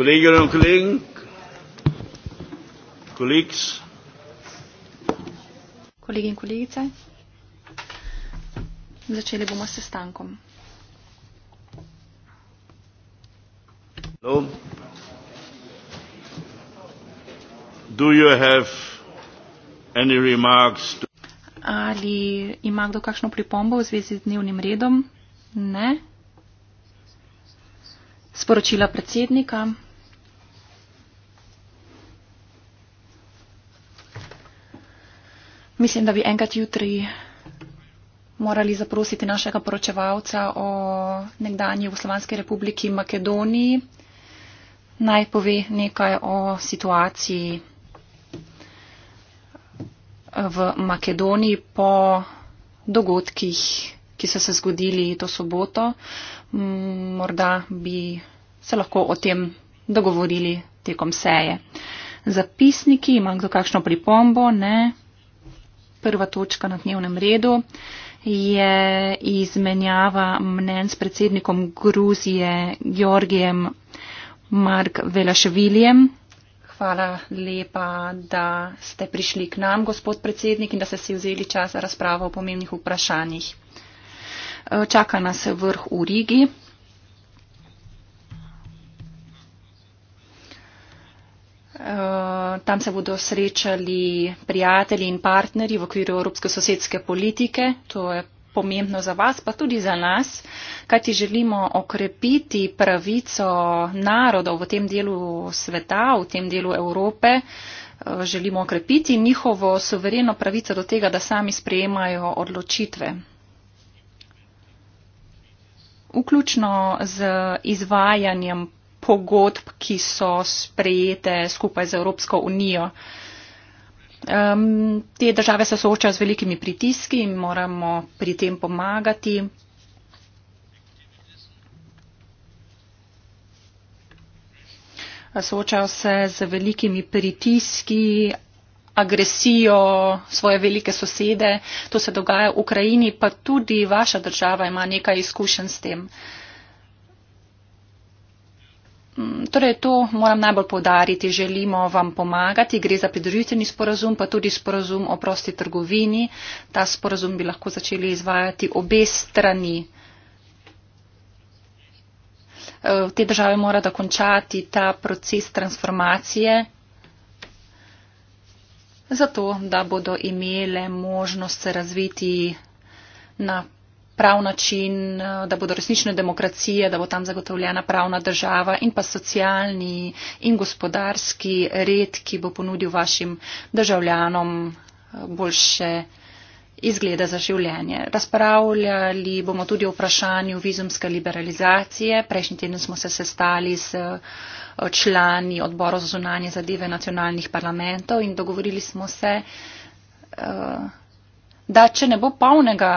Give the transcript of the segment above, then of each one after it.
Kolleginnen und Kollegen, Kollegs, Kolleginnen und Kollegen, začeli bomo s sestankom. Hello. Do you have any remarks to Ali ima kdo kakšno pripombo v zvezi z dnevnim redom? Ne. Sporočila predsednika. Mislim, da bi enkrat jutri morali zaprositi našega poročevalca o nekdanji Jugoslovanski republiki Makedoniji. Naj pove nekaj o situaciji v Makedoniji po dogodkih, ki so se zgodili to soboto. Morda bi se lahko o tem dogovorili tekom seje. Zapisniki, ima kdo kakšno pripombo? Ne prva točka na dnevnem redu je izmenjava mnen s predsednikom Gruzije Georgijem Mark Velaševiljem. Hvala lepa, da ste prišli k nam, gospod predsednik, in da ste si vzeli čas za razpravo o pomembnih vprašanjih. Čaka nas vrh v Rigi. Eh, tam se bodo srečali prijatelji in partnerji v okviru Evropske sosedske politike. To je pomembno za vas, pa tudi za nas, kajti želimo okrepiti pravico narodov v tem delu sveta, v tem delu Evrope. Eh, želimo okrepiti njihovo suvereno pravico do tega, da sami sprejemajo odločitve. Vključno z izvajanjem pogodb, ki so sprejete skupaj z Evropsko unijo. Um, te države se soočajo z velikimi pritiski in moramo pri tem pomagati. Soočajo se z velikimi pritiski, agresijo svoje velike sosede. To se dogaja v Ukrajini, pa tudi vaša država ima nekaj izkušenj s tem. Uh, Mm, torej, to moram najbolj povdariti. Želimo vam pomagati. Gre za pridružitveni sporazum, pa tudi sporazum o prosti trgovini. Ta sporazum bi lahko začeli izvajati obe strani. E, te države mora dokončati ta proces transformacije, zato da bodo imele možnost se razviti na prav način, eh, da bodo resnične demokracije, da bo tam zagotovljena pravna država in pa socialni in gospodarski red, ki bo ponudil vašim državljanom eh, boljše izglede za življenje. Razpravljali bomo tudi o vprašanju vizumske liberalizacije. Prejšnji teden smo se sestali s eh, člani odborov za zunanje zadeve nacionalnih parlamentov in dogovorili smo se, uh, da če ne bo polnega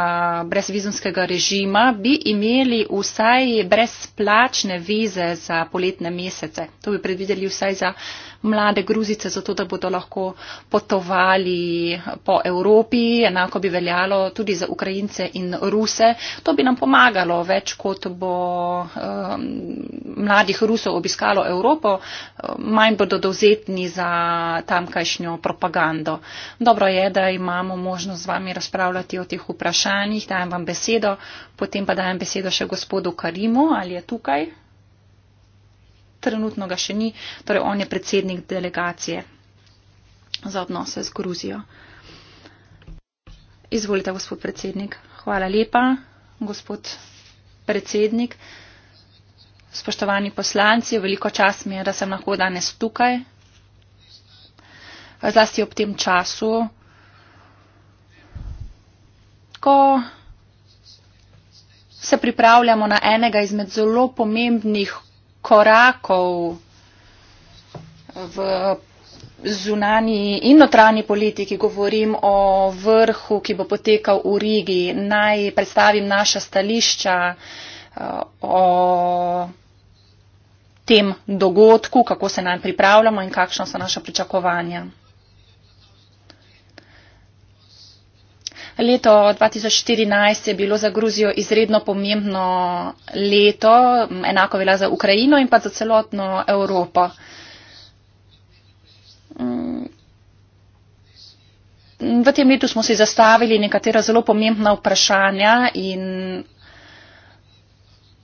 brezvizumskega režima, bi imeli vsaj brezplačne vize za poletne mesece. To bi predvideli vsaj za mlade gruzice, zato da bodo lahko potovali po Evropi. Enako bi veljalo tudi za Ukrajince in Ruse. To bi nam pomagalo več, kot bo um, mladih Rusov obiskalo Evropo, um, manj bodo dovzetni za tamkajšnjo propagando. Dobro je, da imamo možnost z vami razpravljati o teh vprašanjih. Dajem vam besedo, potem pa dajem besedo še gospodu Karimu. Ali je tukaj? trenutno ga še ni, torej on je predsednik delegacije za odnose z Gruzijo. Izvolite, gospod predsednik. Hvala lepa, gospod predsednik. Spoštovani poslanci, veliko čas mi je, da sem lahko danes tukaj. Zlasti ob tem času, ko se pripravljamo na enega izmed zelo pomembnih korakov v zunani in notranji politiki. Govorim o vrhu, ki bo potekal v Rigi. Naj predstavim naša stališča eh, o tem dogodku, kako se nam pripravljamo in kakšno so naša pričakovanja. Leto 2014 je bilo za Gruzijo izredno pomembno leto, enako velja za Ukrajino in pa za celotno Evropo. Mm. V tem letu smo si zastavili nekatera zelo pomembna vprašanja in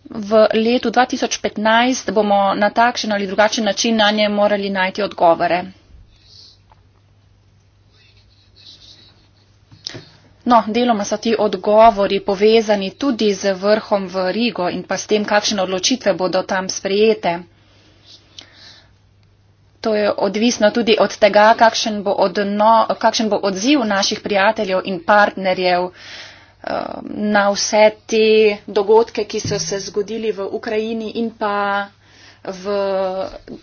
v letu 2015 bomo na takšen ali drugačen način na nje morali najti odgovore. No, deloma so ti odgovori povezani tudi z vrhom v Rigo in pa s tem, kakšne odločitve bodo tam sprejete. To je odvisno tudi od tega, kakšen bo, odno, kakšen bo odziv naših prijateljev in partnerjev eh, na vse te dogodke, ki so se zgodili v Ukrajini in pa v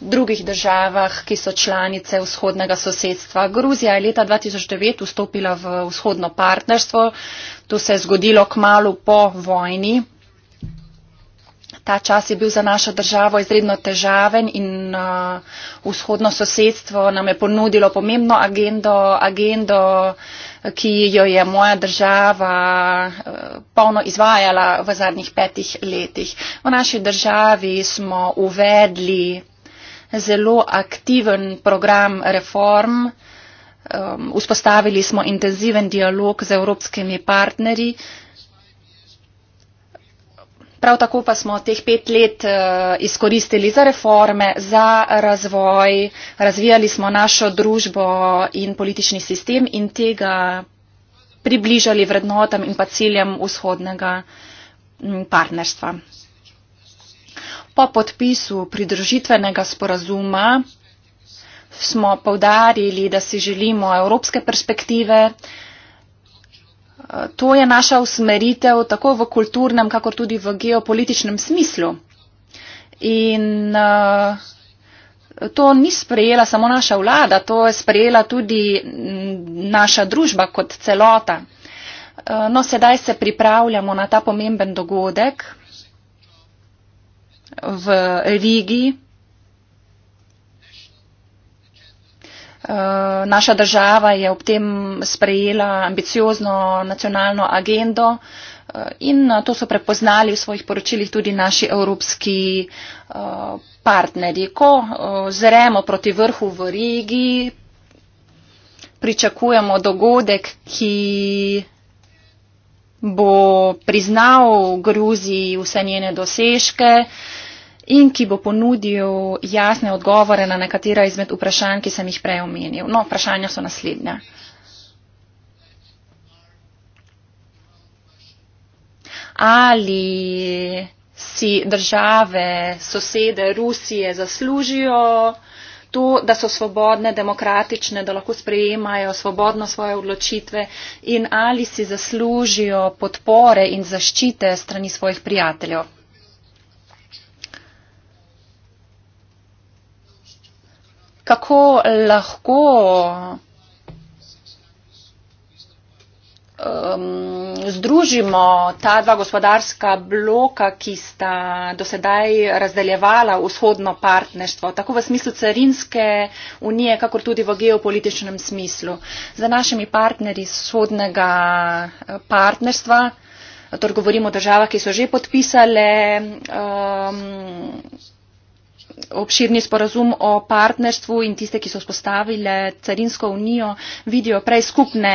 drugih državah, ki so članice vzhodnega sosedstva. Gruzija je leta 2009 vstopila v vzhodno partnerstvo. To se je zgodilo kmalo po vojni, Ta čas je bil za našo državo izredno težaven in uh, vzhodno sosedstvo nam je ponudilo pomembno agendo, agendo, ki jo je moja država uh, polno izvajala v zadnjih petih letih. V naši državi smo uvedli zelo aktiven program reform. Um, vzpostavili smo intenziven dialog z evropskimi partnerji, uh, Prav tako pa smo teh pet let eh, izkoristili za reforme, za razvoj, razvijali smo našo družbo in politični sistem in tega približali vrednotam in pa ciljem vzhodnega mm, partnerstva. Po podpisu pridružitvenega sporazuma smo povdarili, da si želimo evropske perspektive, To je naša usmeritev tako v kulturnem, kakor tudi v geopolitičnem smislu. In eh, to ni sprejela samo naša vlada, to je sprejela tudi mm, naša družba kot celota. Eh, no, sedaj se pripravljamo na ta pomemben dogodek v Rigi. Eh, naša država je ob tem sprejela ambiciozno nacionalno agendo eh, in eh, to so prepoznali v svojih poročilih tudi naši evropski partnerji. Ko zremo proti vrhu v Rigi, pričakujemo dogodek, ki bo priznal Gruziji vse njene dosežke, uh, in ki bo ponudil jasne odgovore na nekatera izmed vprašanj, ki sem jih prej omenil. No, vprašanja so naslednja. Ali si države, sosede Rusije zaslužijo to, da so svobodne, demokratične, da lahko sprejemajo svobodno svoje odločitve in ali si zaslužijo podpore in zaščite strani svojih prijateljev? kako lahko um, združimo ta dva gospodarska bloka, ki sta dosedaj razdeljevala vzhodno partnerstvo, tako v smislu carinske unije, kakor tudi v geopolitičnem smislu. Za našimi partnerji vzhodnega eh, partnerstva, torej govorimo o državah, ki so že podpisale um, obširni sporazum o partnerstvu in tiste, ki so vzpostavile carinsko unijo, vidijo prej skupne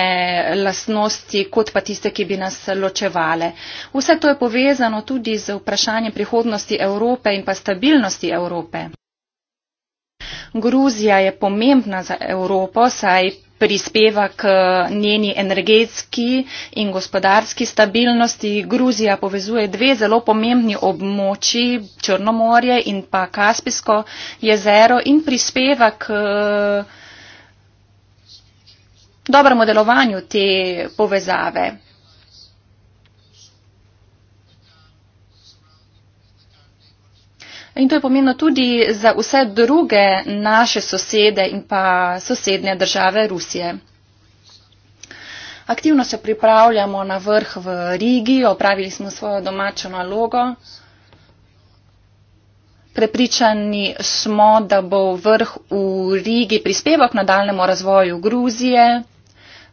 lastnosti, kot pa tiste, ki bi nas ločevale. Vse to je povezano tudi z vprašanjem prihodnosti Evrope in pa stabilnosti Evrope. Gruzija je pomembna za Evropo, saj prispeva k njeni energetski in gospodarski stabilnosti. Gruzija povezuje dve zelo pomembni območji, Črnomorje in pa Kaspijsko jezero in prispeva k dobremu delovanju te povezave. In to je pomembno tudi za vse druge naše sosede in pa sosednje države Rusije. Aktivno se pripravljamo na vrh v Rigi, opravili smo svojo domačo nalogo. Prepričani smo, da bo vrh v Rigi prispeval k nadaljemu razvoju Gruzije,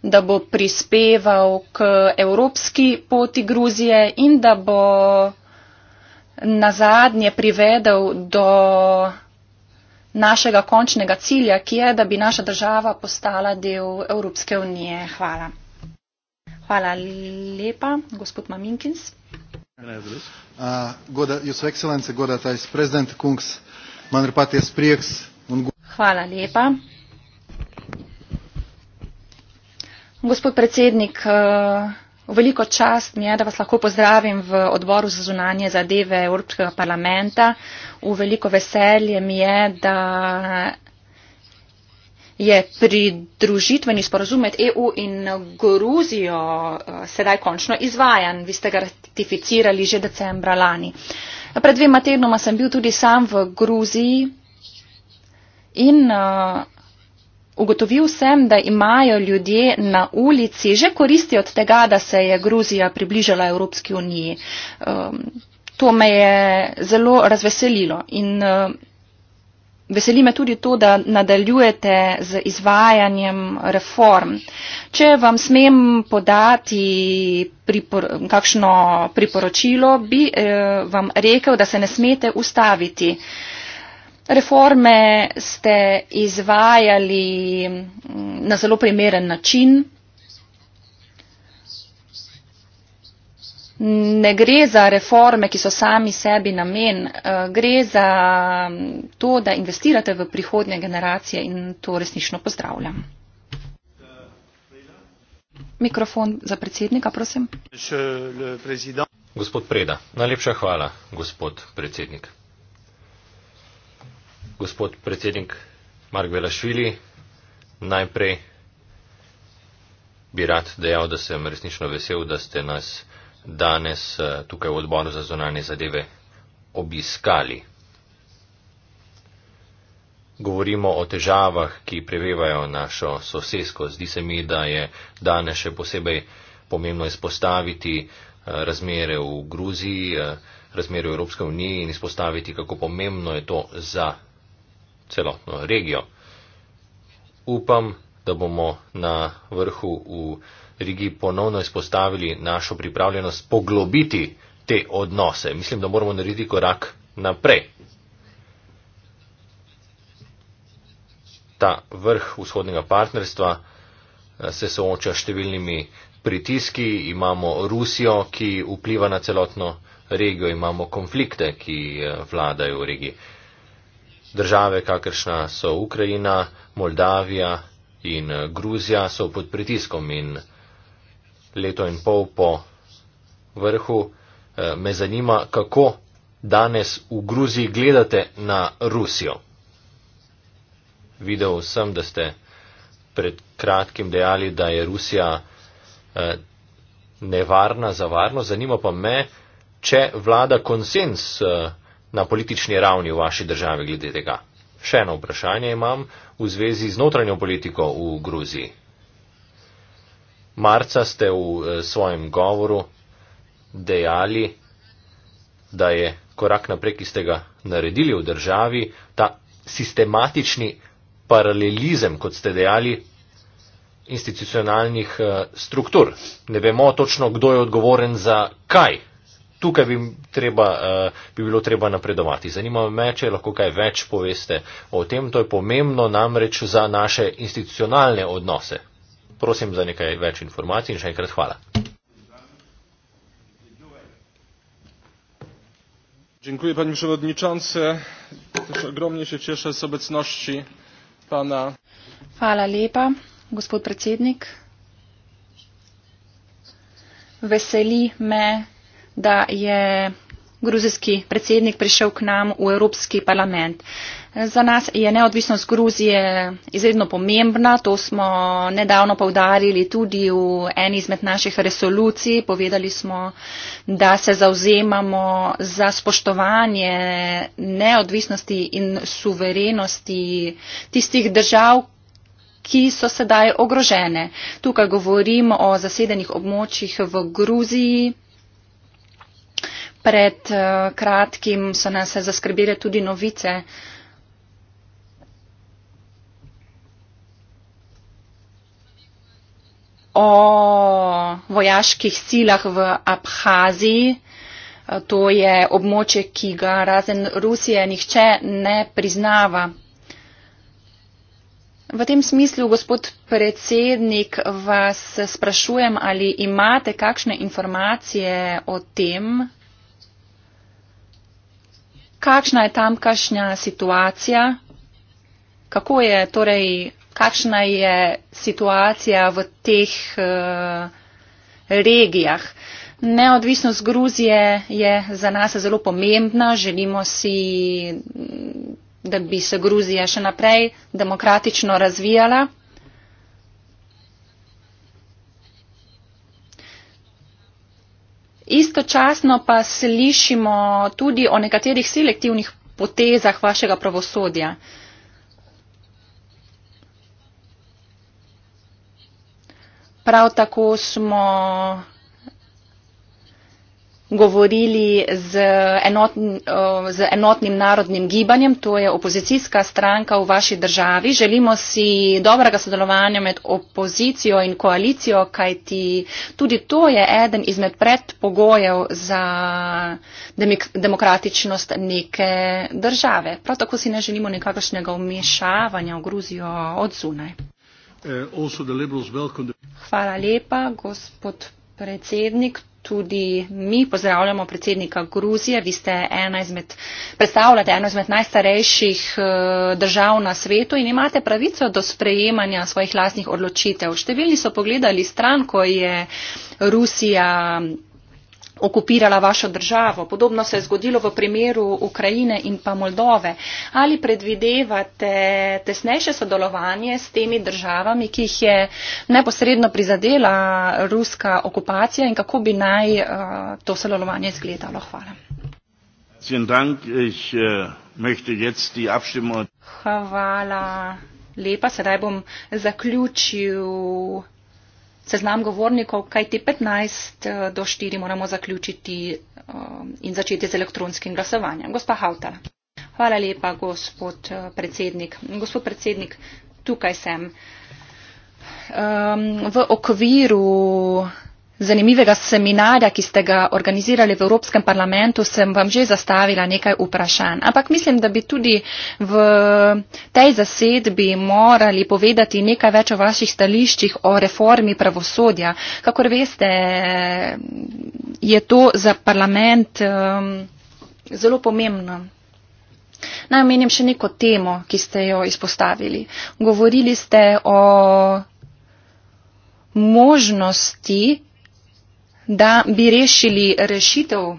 da bo prispeval k evropski poti Gruzije in da bo nazadnje privedel do našega končnega cilja, ki je, da bi naša država postala del Evropske unije. Hvala. Hvala lepa, gospod Maminkins. Uh, goda, jūsu ekscelence, goda tais prezidenta kungs, man ir paties prieks. Un... Hvala lepa. Gospod predsednik, uh, Veliko čast mi je, da vas lahko pozdravim v odboru za zunanje zadeve Evropskega parlamenta. V veliko veselje mi je, da je pridružitveni sporozum med EU in Gruzijo eh, sedaj končno izvajan. Vi ste ga ratificirali že decembra lani. Pred dvema tednoma sem bil tudi sam v Gruziji in uh, Ugotovil sem, da imajo ljudje na ulici že koristi od tega, da se je Gruzija približala Evropski uniji. Ehm, to me je zelo razveselilo in ehm, veseli me tudi to, da nadaljujete z izvajanjem reform. Če vam smem podati pripor kakšno priporočilo, bi ehm, vam rekel, da se ne smete ustaviti. Reforme ste izvajali mm, na zelo primeren način. Ne gre za reforme, ki so sami sebi namen, eh, gre za mm, to, da investirate v prihodnje generacije in to resnično pozdravljam. Mikrofon za predsednika, prosim. Gospod Preda, najlepša hvala, gospod predsednik gospod predsednik Mark Velašvili, najprej bi rad dejal, da sem resnično vesel, da ste nas danes eh, tukaj v odboru za zonalne zadeve obiskali. Govorimo o težavah, ki prevevajo našo sosesko. Zdi se mi, da je danes še posebej pomembno izpostaviti eh, razmere v Gruziji, eh, razmere v Evropske unije in izpostaviti, kako pomembno je to za celotno regijo. Upam, da bomo na vrhu v Rigi ponovno izpostavili našo pripravljenost poglobiti te odnose. Mislim, da moramo narediti korak naprej. Ta vrh vzhodnega partnerstva eh, se sooča številnimi pritiski, imamo Rusijo, ki vpliva na celotno regijo, imamo konflikte, ki eh, vladajo v regiji. Države, kakršna so Ukrajina, Moldavija in eh, Gruzija, so pod pritiskom in leto in pol po vrhu eh, me zanima, kako danes v Gruziji gledate na Rusijo. Videl sem, da ste pred kratkim dejali, da je Rusija eh, nevarna za varnost. Zanima pa me, če vlada konsens na politični ravni v vaši državi glede tega? Še eno vprašanje imam v zvezi z notranjo politiko v Gruziji. Marca ste v eh, svojem govoru dejali, da je korak naprej, ki ste ga naredili v državi, ta sistematični paralelizem, kot ste dejali, institucionalnih eh, struktur. Ne vemo točno, kdo je odgovoren za kaj tukaj bi, treba, eh, bi bilo treba napredovati. Zanima me, če lahko kaj več poveste o tem, to je pomembno namreč za naše institucionalne odnose. Prosim za nekaj več informacij in še enkrat hvala. Dziękuję panie przewodniczący. Też ogromnie się cieszę z obecności pana. Fala lepa, gospod predsednik. Weseli me da je gruzijski predsednik prišel k nam v Evropski parlament. Za nas je neodvisnost Gruzije izredno pomembna, to smo nedavno povdarili tudi v eni izmed naših resolucij. Povedali smo, da se zauzemamo za spoštovanje neodvisnosti in suverenosti tistih držav, ki so sedaj ogrožene. Tukaj govorimo o zasedenih območjih v Gruziji, Pred eh, kratkim so nas zaskrbile tudi novice. O vojaških silah v Abhaziji, eh, to je območje, ki ga razen Rusije nihče ne priznava. V tem smislu, gospod predsednik, vas sprašujem, ali imate kakšne informacije o tem, kakšna je tamkašnja situacija, kako je torej, kakšna je situacija v teh uh, regijah. Neodvisnost Gruzije je za nas zelo pomembna, želimo si, mm, da bi se Gruzija še naprej demokratično razvijala. istočasno pa slišimo tudi o nekaterih selektivnih potezah vašega pravosodja. Prav tako smo govorili z, enotn, z enotnim narodnim gibanjem, to je opozicijska stranka v vaši državi. Želimo si dobrega sodelovanja med opozicijo in koalicijo, kajti tudi to je eden izmed predpogojev za demokratičnost neke države. Prav tako si ne želimo nekakšnega umešavanja v Gruzijo od zunaj. Eh, Hvala lepa, gospod predsednik tudi mi pozdravljamo predsednika Gruzije. Vi ste ena izmed, predstavljate eno izmed najstarejših eh, držav na svetu in imate pravico do sprejemanja svojih lastnih odločitev. Številni so pogledali stran, ko je Rusija okupirala vašo državo. Podobno se je zgodilo v primeru Ukrajine in pa Moldove. Ali predvidevate tesnejše sodelovanje s temi državami, ki jih je neposredno prizadela ruska okupacija in kako bi naj uh, to sodelovanje izgledalo? Hvala. Eh, Hvala. Lepa, sedaj bom zaključil seznam govornikov, kaj ti 15 do 4 moramo zaključiti eh, in začeti z elektronskim glasovanjem. Gospa Hautala. Hvala lepa, gospod eh, predsednik. Gospod predsednik, tukaj sem. Ehm, v okviru zanimivega seminarja, ki ste ga organizirali v Evropskem parlamentu, sem vam že zastavila nekaj vprašanj. Ampak mislim, da bi tudi v tej zasedbi morali povedati nekaj več o vaših stališčih o reformi pravosodja. Kakor veste, je to za parlament um, zelo pomembno. Naj omenim še neko temo, ki ste jo izpostavili. Govorili ste o možnosti, da bi rešili rešitev,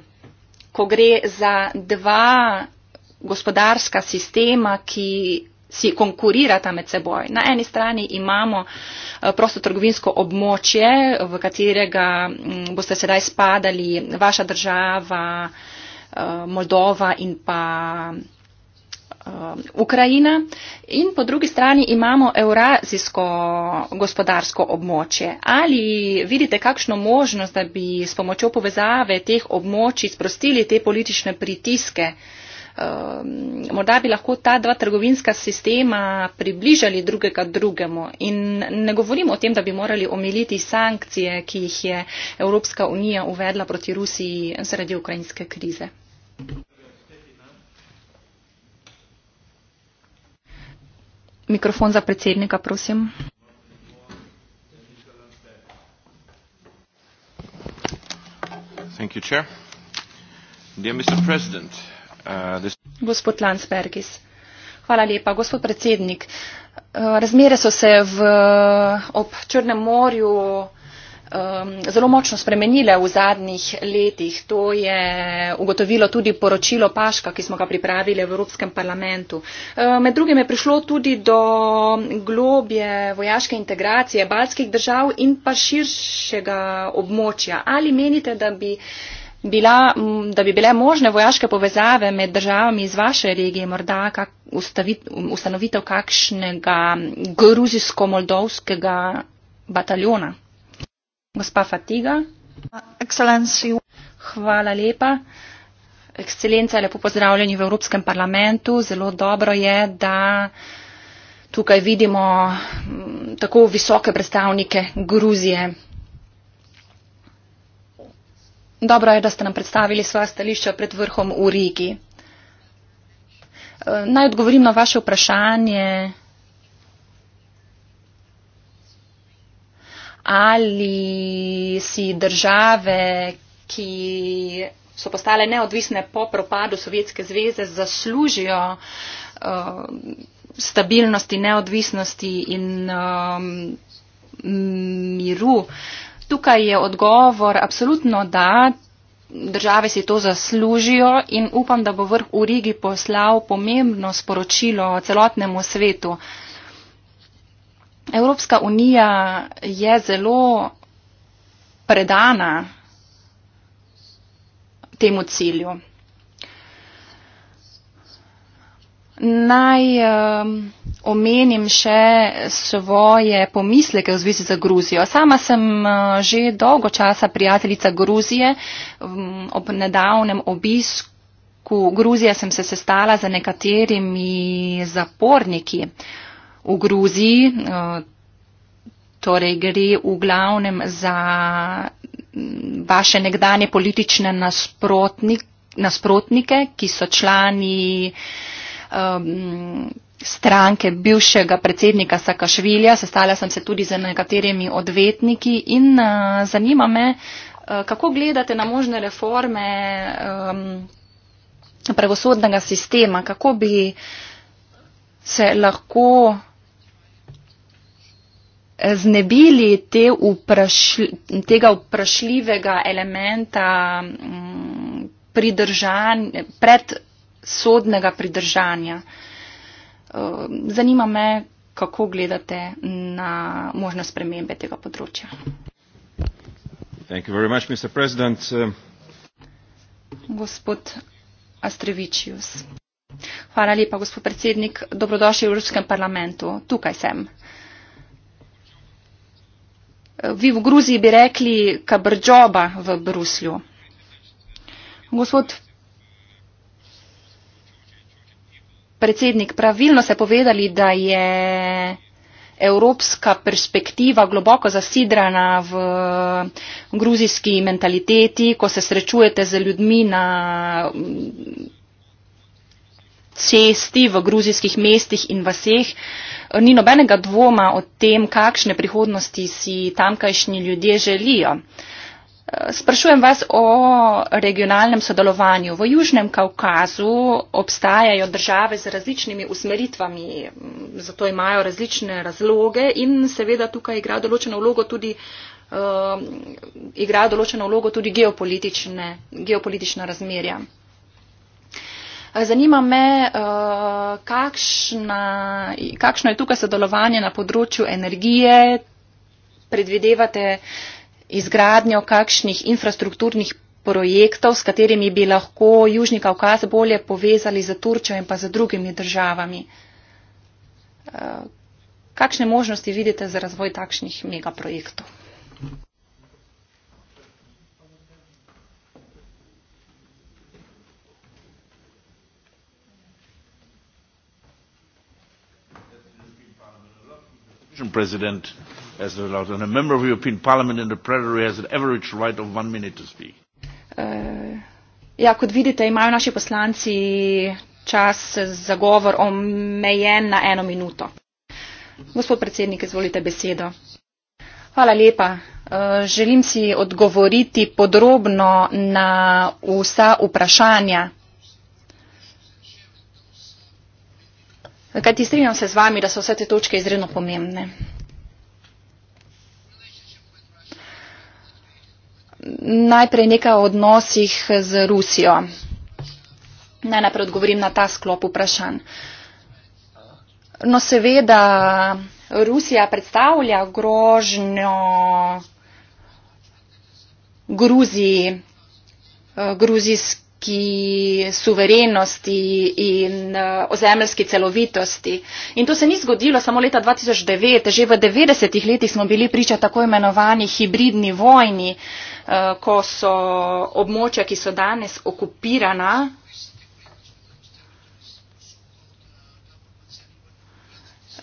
ko gre za dva gospodarska sistema, ki si konkurirata med seboj. Na eni strani imamo eh, prostotrgovinsko območje, v katerega mm, boste sedaj spadali vaša država, eh, Moldova in pa Eh, Ukrajina in po drugi strani imamo Eurazijsko gospodarsko območje. Ali vidite kakšno možnost, da bi s pomočjo povezave teh območij sprostili te politične pritiske? Eh, morda bi lahko ta dva trgovinska sistema približali drugega drugemu in ne govorim o tem, da bi morali omiliti sankcije, ki jih je Evropska unija uvedla proti Rusiji zaradi ukrajinske krize. mikrofon za predsednika, prosim. Thank you, Chair. Dear Mr. President, uh, this... Gospod Landsbergis. Hvala lepa, gospod predsednik. Uh, razmere so se v, ob Črnem morju Um, zelo močno spremenile v zadnjih letih. To je ugotovilo tudi poročilo Paška, ki smo ga pripravili v Evropskem parlamentu. Um, med drugim je prišlo tudi do globje vojaške integracije balskih držav in pa širšega območja. Ali menite, da bi, bila, da bi bile možne vojaške povezave med državami iz vaše regije, morda kak, ustavit, ustanovitev kakšnega gruzijsko-moldovskega bataljona? Gospa Fatiga. Excellency. Hvala lepa. Ekscelenca, lepo pozdravljeni v Evropskem parlamentu. Zelo dobro je, da tukaj vidimo mm, tako visoke predstavnike Gruzije. Dobro je, da ste nam predstavili svoja stališča pred vrhom v Rigi. Eh, naj odgovorim na vaše vprašanje. ali si države, ki so postale neodvisne po propadu Sovjetske zveze, zaslužijo uh, stabilnosti, neodvisnosti in um, miru. Tukaj je odgovor absolutno da. Države si to zaslužijo in upam, da bo vrh v Rigi poslal pomembno sporočilo celotnemu svetu. Uh, Evropska unija je zelo predana temu cilju. Naj um, omenim še svoje pomisleke v zvezi z Gruzijo. Sama sem uh, že dolgo časa prijateljica Gruzije. Um, ob nedavnem obisku Gruzije sem se sestala z nekaterimi zaporniki. Uh, v Gruziji, eh, torej gre v glavnem za mm, vaše nekdanje politične nasprotnik, nasprotnike, ki so člani um, stranke bivšega predsednika Sakašvilja. Sestala sem se tudi z nekaterimi odvetniki in uh, zanima me, uh, kako gledate na možne reforme um, pravosodnega sistema, kako bi se lahko znebili te vprašli, tega vprašljivega elementa mm, pridržan, predsodnega pridržanja. Ehm, zanima me, kako gledate na možno spremembe tega področja. Much, ehm. gospod Astrevičius. Hvala lepa, gospod predsednik. Dobrodošli v Evropskem parlamentu. Tukaj sem. Vi v Gruziji bi rekli kabrđoba v Bruslju. Gospod predsednik, pravilno ste povedali, da je evropska perspektiva globoko zasidrana v gruzijski mentaliteti, ko se srečujete z ljudmi na cesti v gruzijskih mestih in vaseh. Eh, ni nobenega dvoma o tem, kakšne prihodnosti si tamkajšnji ljudje želijo. Eh, sprašujem vas o regionalnem sodelovanju. V Južnem Kaukazu obstajajo države z različnimi usmeritvami, mm, zato imajo različne razloge in seveda tukaj igra določeno vlogo tudi, uh, igra določeno vlogo tudi geopolitične, geopolitična razmerja. Eh, zanima me, eh, kakšna, kakšno je tukaj sodelovanje na področju energije. Predvidevate izgradnjo kakšnih infrastrukturnih projektov, s katerimi bi lahko Južni Kaukaz bolje povezali za Turčjo in pa za drugimi državami. Eh, kakšne možnosti vidite za razvoj takšnih megaprojektov? commission president as a, and a member of the european parliament in the plenary has an average right of one minute to speak. Uh, ja, kot vidite, imajo naši poslanci čas za govor omejen na eno minuto. Gospod predsednik, izvolite besedo. Hvala lepa. Uh, želim si odgovoriti podrobno na vsa vprašanja. Kajti strinjam se z vami, da so vse te točke izredno pomembne. Najprej nekaj o odnosih z Rusijo. Naj najprej odgovorim na ta sklop vprašanj. No seveda, Rusija predstavlja grožnjo Gruziji, eh, gruzijski ki suverenosti in uh, ozemeljski celovitosti. In to se ni zgodilo samo leta 2009, že v 90. letih smo bili priča tako imenovani hibridni vojni, uh, ko so območja, ki so danes okupirana,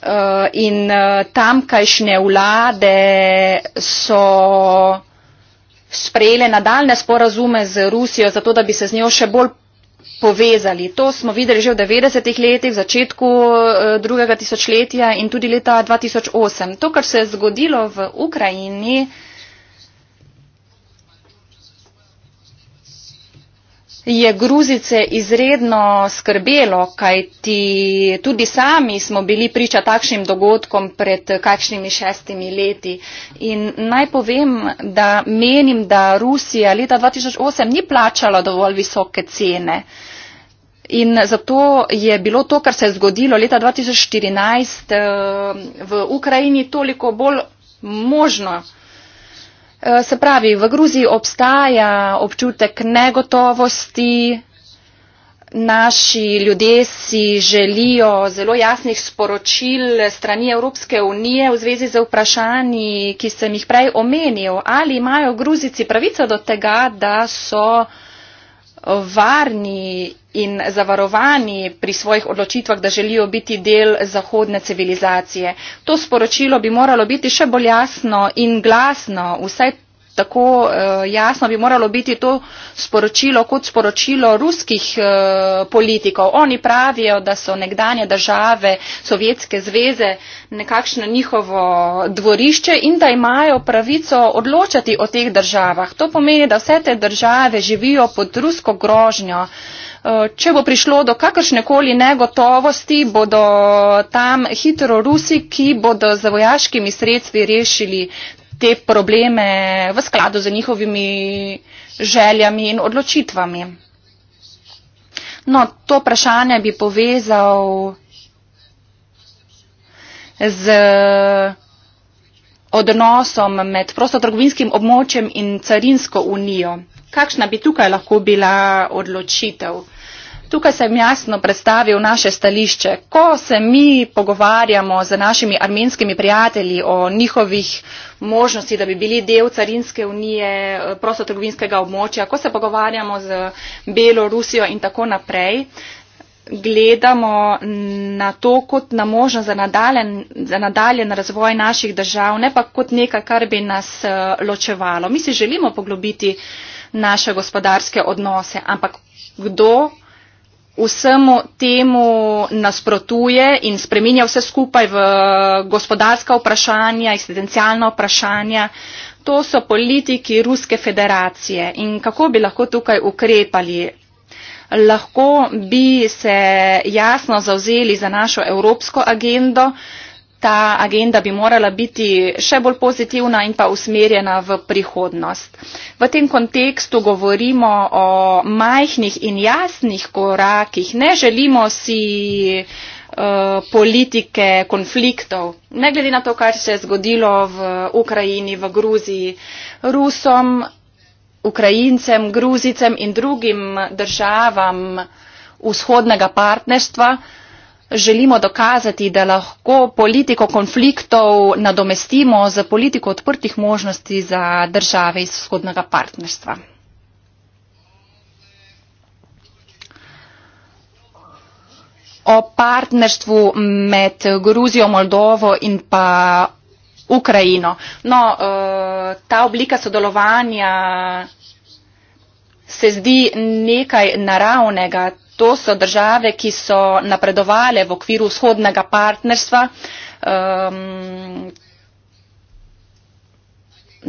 uh, in uh, tamkajšnje vlade so sprejele nadaljne sporazume z rusijo zato da bi se z njo še bolj povezali. To smo videli že v 90. letih, v začetku eh, drugega tisočletja in tudi leta 2008. To, kar se je zgodilo v Ukrajini, je Gruzice izredno skrbelo, kajti tudi sami smo bili priča takšnim dogodkom pred kakšnimi šestimi leti. In naj povem, da menim, da Rusija leta 2008 ni plačala dovolj visoke cene. In zato je bilo to, kar se je zgodilo leta 2014 eh, v Ukrajini, toliko bolj možno Eh, se pravi, v Gruziji obstaja občutek negotovosti, naši ljudje si želijo zelo jasnih sporočil strani Evropske unije v zvezi z vprašanji, ki sem jih prej omenil. Ali imajo Gruzici pravico do tega, da so varni in zavarovani pri svojih odločitvah, da želijo biti del zahodne civilizacije. To sporočilo bi moralo biti še bolj jasno in glasno, vsaj tako eh, jasno bi moralo biti to sporočilo kot sporočilo ruskih eh, politikov. Oni pravijo, da so nekdanje države Sovjetske zveze nekakšno njihovo dvorišče in da imajo pravico odločati o teh državah. To pomeni, da vse te države živijo pod rusko grožnjo. Eh, če bo prišlo do kakršnekoli negotovosti, bodo tam hitro Rusi, ki bodo za vojaškimi sredstvi rešili te probleme v skladu z njihovimi željami in odločitvami. No, to vprašanje bi povezal z odnosom med prostotrgovinskim območjem in carinsko unijo. Kakšna bi tukaj lahko bila odločitev? Tukaj sem jasno predstavil naše stališče. Ko se mi pogovarjamo z našimi armenskimi prijatelji o njihovih možnosti, da bi bili del carinske unije, eh, prostotrgovinskega območja, ko se pogovarjamo z Belorusijo in tako naprej, gledamo na to kot na možnost za nadaljen, za nadaljen razvoj naših držav, ne pa kot nekaj, kar bi nas eh, ločevalo. Mi si želimo poglobiti naše gospodarske odnose, ampak kdo vsemu temu nasprotuje in spreminja vse skupaj v gospodarska vprašanja, existencialna vprašanja. To so politiki Ruske federacije in kako bi lahko tukaj ukrepali. Lahko bi se jasno zauzeli za našo evropsko agendo, ta agenda bi morala biti še bolj pozitivna in pa usmerjena v prihodnost. V tem kontekstu govorimo o majhnih in jasnih korakih. Ne želimo si eh, politike konfliktov. Ne glede na to, kar se je zgodilo v Ukrajini, v Gruziji, Rusom, Ukrajincem, Gruzicem in drugim državam vzhodnega partnerstva, želimo dokazati da lahko politiko konfliktov nadomestimo s politiko odprtih možnosti za države iz vzhodnega partnerstva. O partnerstvu med Gruzijo, Moldovo in pa Ukrajino. No, eh, ta oblika sodelovanja se zdi nekaj naravnega, to so države ki so napredovale v okviru vzhodnega partnerstva um,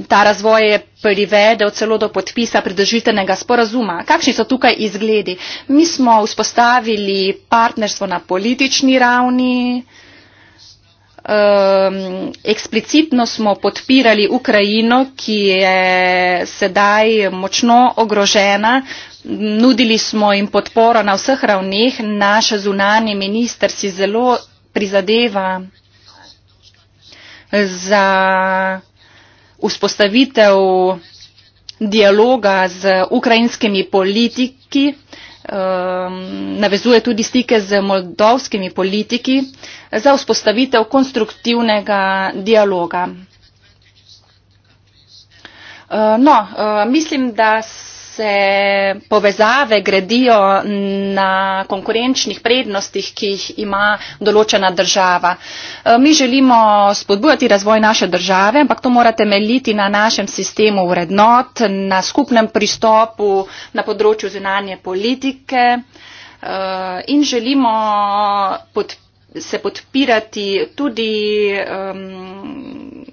ta razvoj je privedel celo do podpisa pridržitenega sporazuma. Kakšni so tukaj izgledi? Mi smo vzpostavili partnerstvo na politični ravni, uh, Ehm, eksplicitno smo podpirali Ukrajino, ki je sedaj močno ogrožena. Nudili smo jim podporo na vseh ravneh. Naš zunani minister si zelo prizadeva za vzpostavitev dialoga z ukrajinskimi politiki. Uh, um, navezuje tudi stike z moldovskimi politiki za vzpostavitev konstruktivnega dialoga. Uh, no, uh, mislim, da s, se povezave gradijo na konkurenčnih prednostih, ki jih ima določena država. E, mi želimo spodbujati razvoj naše države, ampak to mora temeljiti na našem sistemu vrednot, na skupnem pristopu na področju zunanje politike e, in želimo pod, se podpirati tudi um,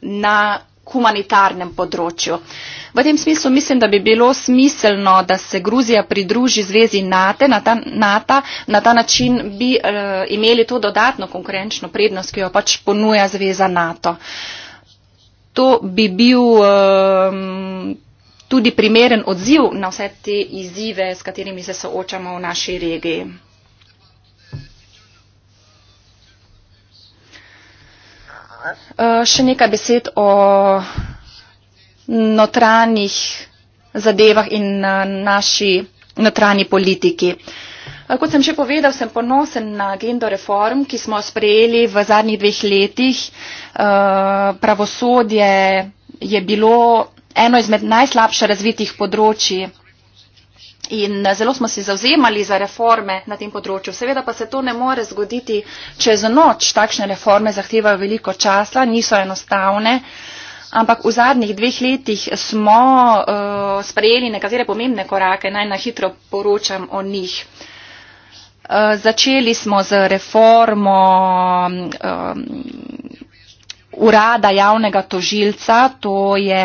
na humanitarnem področju. V tem smislu mislim, da bi bilo smiselno, da se Gruzija pridruži zvezi NATO, na ta, NATO, na ta način bi uh, imeli to dodatno konkurenčno prednost, ki jo pač ponuja zveza NATO. To bi bil uh, tudi primeren odziv na vse te izzive, s katerimi se soočamo v naši regiji. Uh, še nekaj besed o notranjih zadevah in uh, naši notranji politiki. Uh, kot sem že povedal, sem ponosen na agendo reform, ki smo sprejeli v zadnjih dveh letih. Pravosodje je bilo eno izmed najslabše razvitih področji In eh, zelo smo se zauzemali za reforme na tem področju. Seveda pa se to ne more zgoditi čez noč. Takšne reforme zahtevajo veliko časa, niso enostavne. Ampak v zadnjih dveh letih smo uh, sprejeli nekatere pomembne korake, naj na hitro poročam o njih. Uh, začeli smo z reformo um, urada javnega tožilca. To je,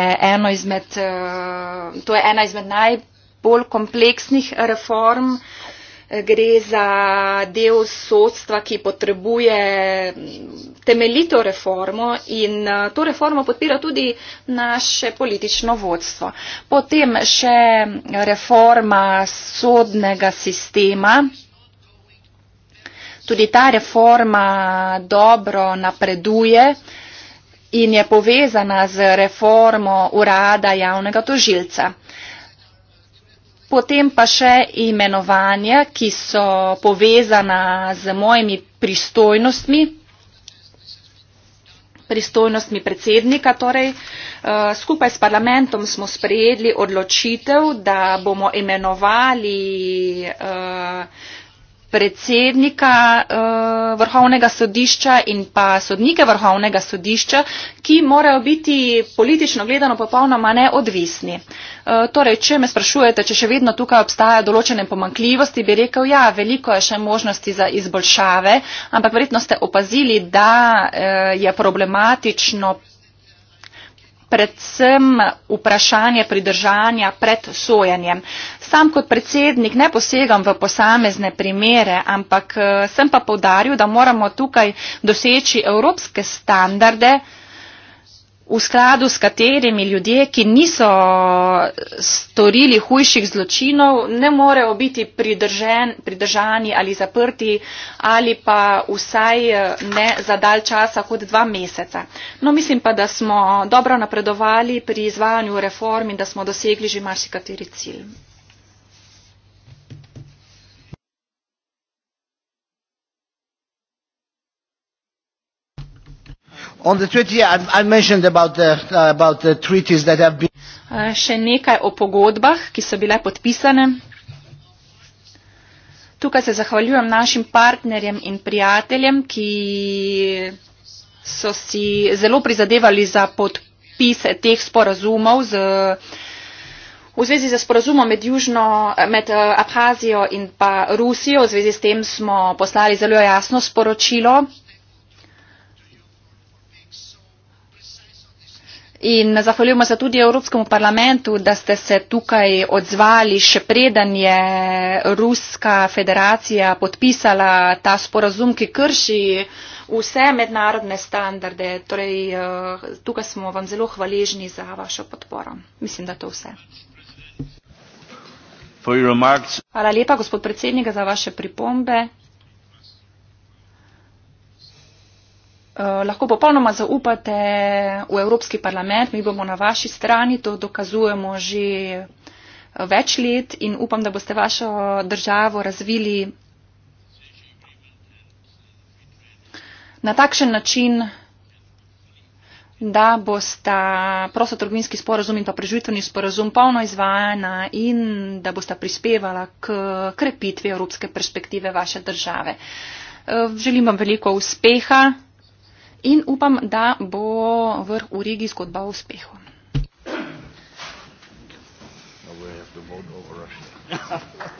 izmed, uh, to je ena izmed najpomembnejših bolj kompleksnih reform. Gre za del sodstva, ki potrebuje temeljito reformo in eh, to reformo podpira tudi naše politično vodstvo. Potem še reforma sodnega sistema. Tudi ta reforma dobro napreduje in je povezana z reformo urada javnega tožilca. Potem pa še imenovanja, ki so povezana z mojimi pristojnostmi, pristojnostmi predsednika, torej eh, skupaj s parlamentom smo sprejeli odločitev, da bomo imenovali uh, predsednika eh, vrhovnega sodišča in pa sodnike vrhovnega sodišča, ki morajo biti politično gledano popolnoma neodvisni. Eh, torej, če me sprašujete, če še vedno tukaj obstajajo določene pomankljivosti, bi rekel, ja, veliko je še možnosti za izboljšave, ampak verjetno ste opazili, da eh, je problematično predvsem vprašanje pridržanja pred sojenjem. Sam kot predsednik ne posegam v posamezne primere, ampak eh, sem pa povdaril, da moramo tukaj doseči evropske standarde, v skladu s katerimi ljudje, ki niso storili hujših zločinov, ne morejo biti pridržen, pridržani ali zaprti ali pa vsaj eh, ne za dalj časa kot dva meseca. No, mislim pa, da smo dobro napredovali pri izvajanju reform in da smo dosegli že marsikateri cilj. On the treaty, I mentioned about the, uh, about the treaties that have been... Uh, še nekaj o pogodbah, ki so bile podpisane. Tukaj se zahvaljujem našim partnerjem in prijateljem, ki so si zelo prizadevali za podpise teh sporazumov z, v zvezi z sporazumom med, južno, med uh, Abhazijo in pa Rusijo. V zvezi s tem smo poslali zelo jasno sporočilo In zahvaljujemo se tudi Evropskemu parlamentu, da ste se tukaj odzvali, še preden je Ruska federacija podpisala ta sporazum, ki krši vse mednarodne standarde. Torej, eh, tukaj smo vam zelo hvaležni za vašo podporo. Mislim, da to vse. Hvala lepa, gospod predsednik, za vaše pripombe. Eh, lahko popolnoma zaupate v Evropski parlament, mi bomo na vaši strani, to dokazujemo že več let in upam, da boste vašo državo razvili na takšen način, da bosta prostotrgovinski sporozum in pa preživitveni sporozum polno izvajana in da bosta prispevala k krepitvi evropske perspektive vaše države. Eh, želim vam veliko uspeha in upam, da bo vrh v regiji zgodba o uspehu. No,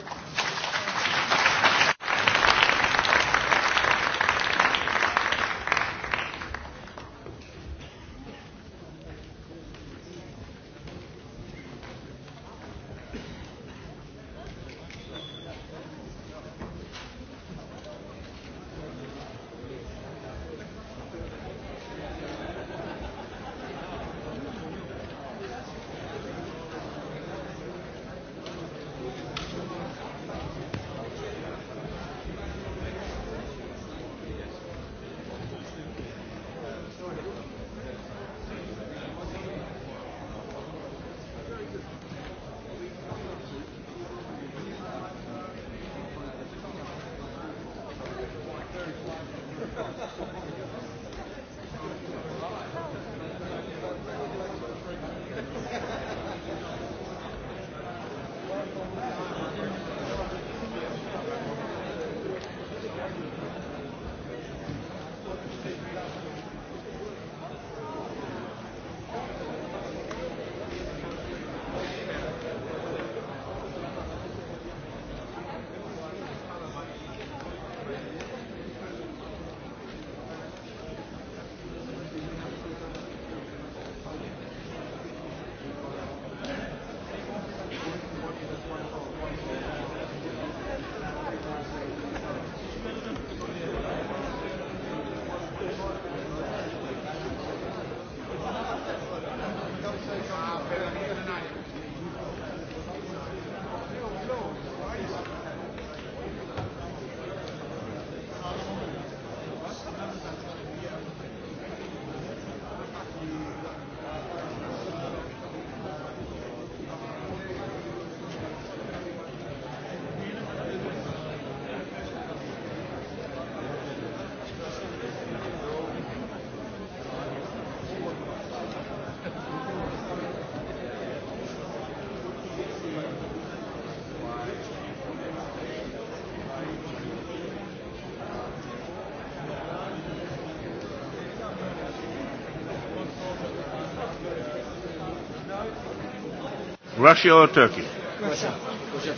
Russia or Turkey? Russia.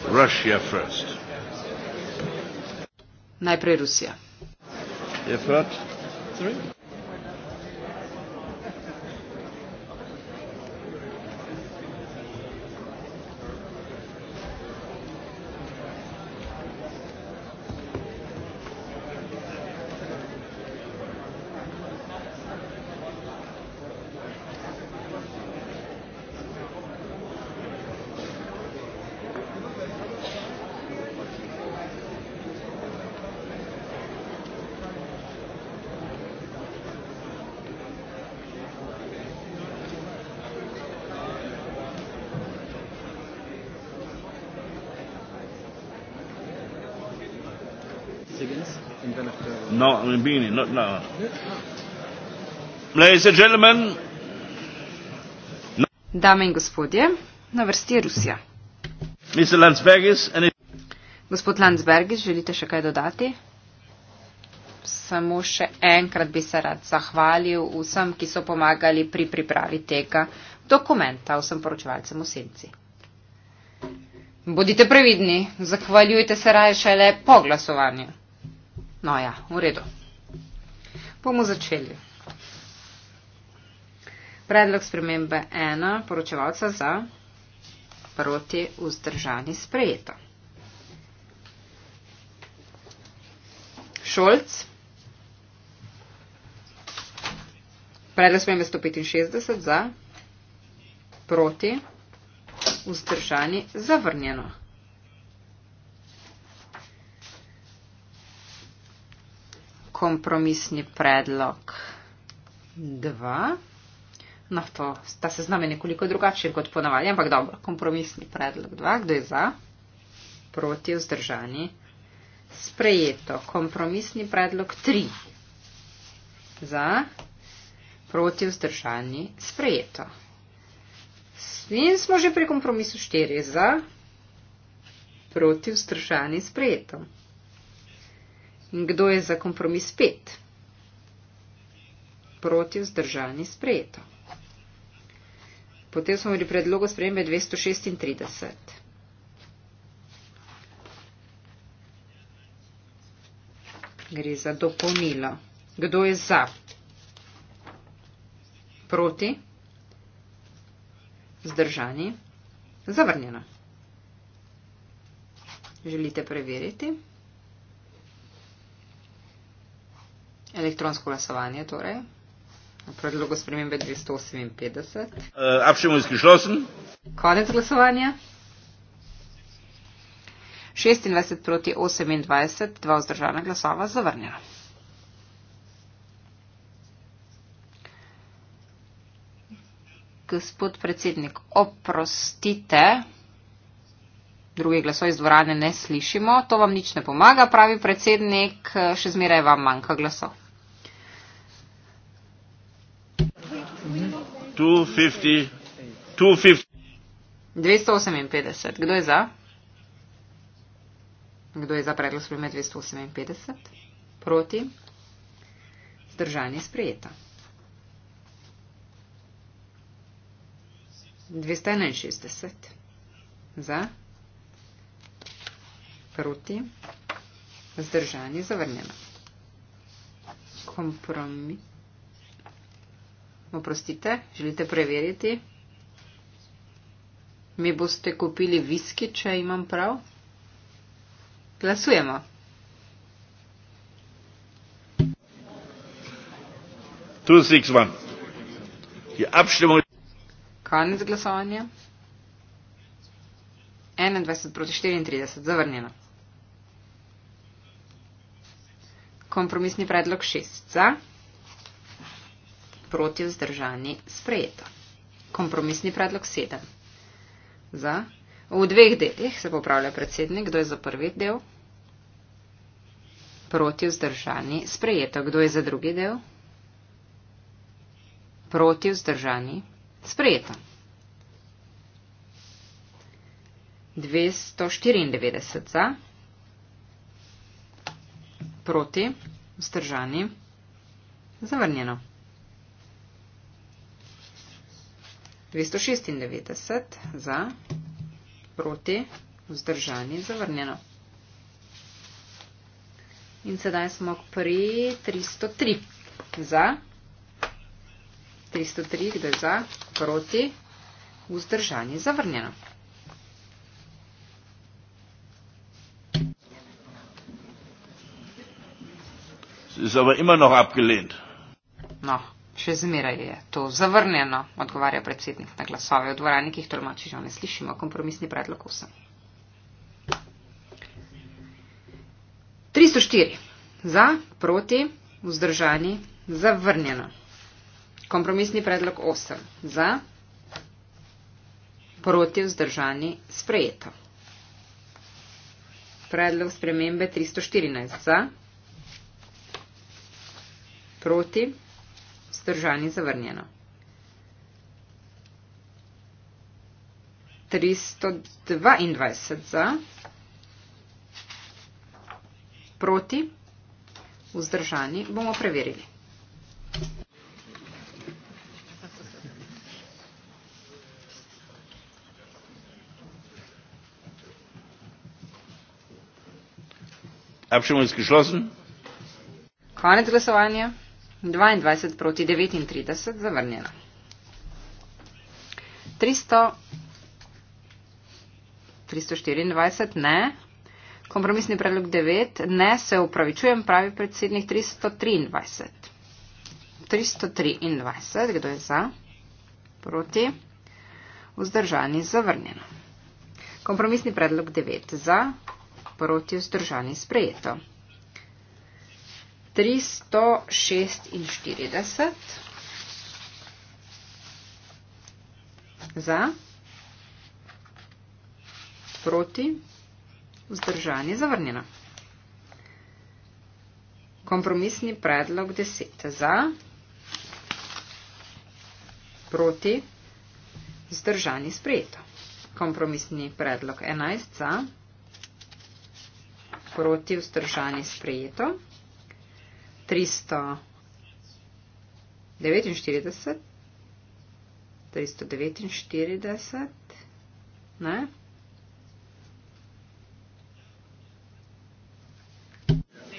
Russia first. Najprej Rusija. Je frat? Sorry? beanie. Not now. Ladies and gentlemen. No. Dame in gospodje, na vrsti je Rusija. Mr. Landsbergis, any... Gospod Landsbergis, želite še kaj dodati? Samo še enkrat bi se rad zahvalil vsem, ki so pomagali pri pripravi tega dokumenta vsem poročevalcem v senci. Bodite previdni, zahvaljujte se raje šele po glasovanju. No ja, v redu bomo začeli. Predlog spremembe ena poročevalca za proti vzdržani sprejeto. Šolc. Predlog spremembe 165 za proti vzdržani zavrnjeno. kompromisni predlog 2. No, to, ta se znam je nekoliko drugačen kot ponavadi, ampak dobro, kompromisni predlog 2. Kdo je za? Proti vzdržani. Sprejeto. Kompromisni predlog 3. Za. Proti vzdržani. Sprejeto. In smo že pri kompromisu 4. Za. Proti vzdržani. Sprejeto. Kdo je za kompromis 5? Proti vzdržani sprejeto. Potem smo imeli predlogo spremembe 236. Gre za dopolnilo. Kdo je za? Proti? Zdržani? Zavrnjeno. Želite preveriti? Elektronsko glasovanje, torej. Predlogo spremembe 258. Abšemo izkrišlosen. Konec glasovanja. 26 proti 28, dva vzdržana glasova zavrnjena. Gospod predsednik, oprostite. Drugi glasov iz dvorane ne slišimo. To vam nič ne pomaga, pravi predsednik. Še zmeraj vam manjka glasov. 258. Kdo je za? Kdo je za predlog sprejme 258? Proti? Zdržanje sprejeta. 261. Za? Proti? Zdržanje zavrnjeno. Kompromis. Oprostite, želite preveriti? Mi boste kupili viski, če imam prav? Glasujemo. Tu si x van. Je abštemo. Konec glasovanja. 21 proti 34, zavrnjeno. Kompromisni predlog 6 za proti vzdržani sprejeto. Kompromisni predlog 7. Za. V dveh delih se popravlja predsednik, kdo je za prvi del? Proti vzdržani sprejeto. Kdo je za drugi del? Proti vzdržani sprejeto. 294 za. Proti vzdržani zavrnjeno. 296 za, proti, vzdržani, zavrnjeno. In sedaj smo pri 303 za, 303, kdo je za, proti, vzdržani, zavrnjeno. Ist aber immer noch abgelehnt. Noch še zmeraj je to zavrnjeno, odgovarja predsednik na glasove v dvorani, ki jih tolmači že ne slišimo, kompromisni predlog vsem. 304. Za, proti, vzdržani, zavrnjeno. Kompromisni predlog 8. Za, proti, vzdržani, sprejeto. Predlog spremembe 314. Za, proti, Združani zavrnjeno. 322 za, proti, vzdržani, bomo preverili. Abstimmung ist geschlossen. Konec glasovanja. 22 proti 39 zavrnjena. 300, 324 ne. Kompromisni predlog 9 ne se upravičujem, pravi predsednik 323. 323, kdo je za? Proti. Vzdržani zavrnjeno. Kompromisni predlog 9 za, proti vzdržani sprejeto. 346 za, proti, vzdržanje zavrnjeno. Kompromisni predlog 10 za, proti, vzdržanje sprejeto. Kompromisni predlog 11 za, proti, vzdržanje sprejeto. 349, 349, ne?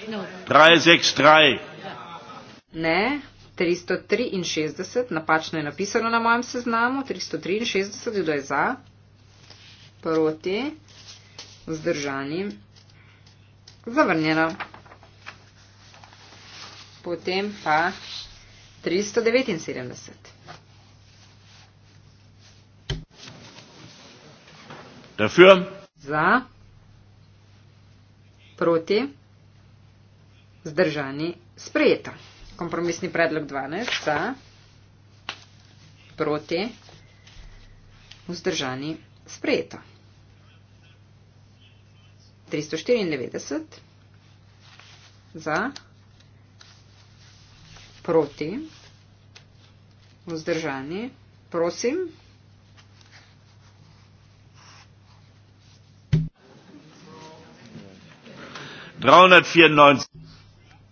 No. 363. Ne, 363, napačno je napisano na mojem seznamu, 363, kdo je za, proti, vzdržani, zavrnjeno potem pa 379. Dafür. Za, proti, zdržani, sprejeta. Kompromisni predlog 12. Za, proti, vzdržani, sprejeta. 394. Za, proti, vzdržani, prosim.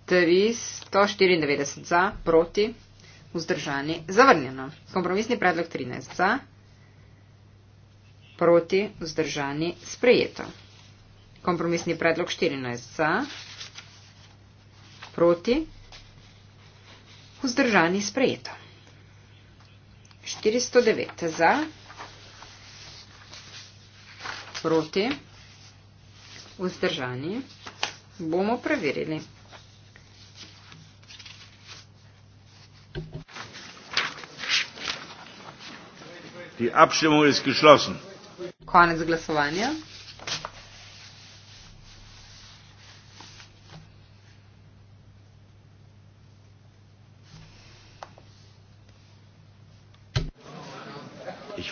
Tristo štiriindevetdeset za, proti, vzdržani, zavrnjeno. Kompromisni predlog trinajst za, proti, vzdržani, sprejeto. Kompromisni predlog štirinajst za, proti, vzdržani sprejeto. 409 za, proti, vzdržani, bomo preverili. Die Abstimmung ist geschlossen. Konec glasovanja.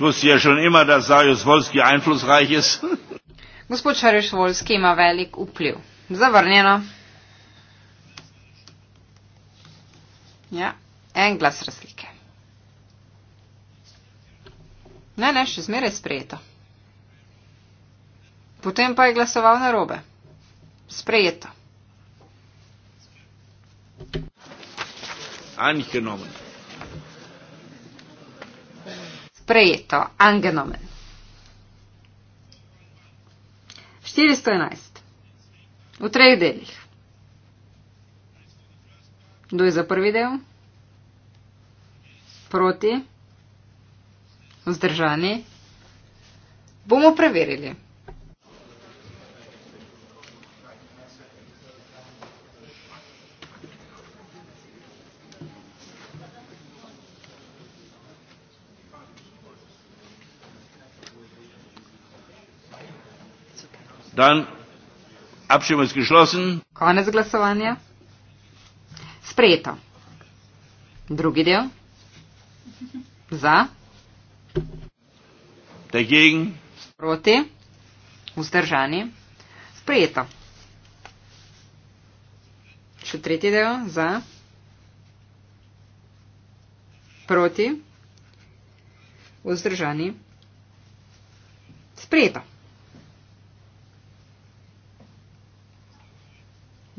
wusste ja schon immer, dass Sajus Wolski einflussreich ist. Gospod Sajus Wolski ima velik upliv. Zavrnjeno. Ja, en glas razlike. Ne, ne, še zmeraj sprejeto. Potem pa je glasoval na robe. Sprejeto. Angenomen. sprejeto, angenomen. 411. V treh delih. Kdo je za prvi del? Proti? Vzdržani? Bomo preverili. Dann Abstimmung ist geschlossen. Konnes Glasowania. Spreto. Drugi Deo. Za. Dagegen. Proti. Ustržani. Spreto. Še tretji Deo. Za. Proti. Vzdržani. Sprejeto.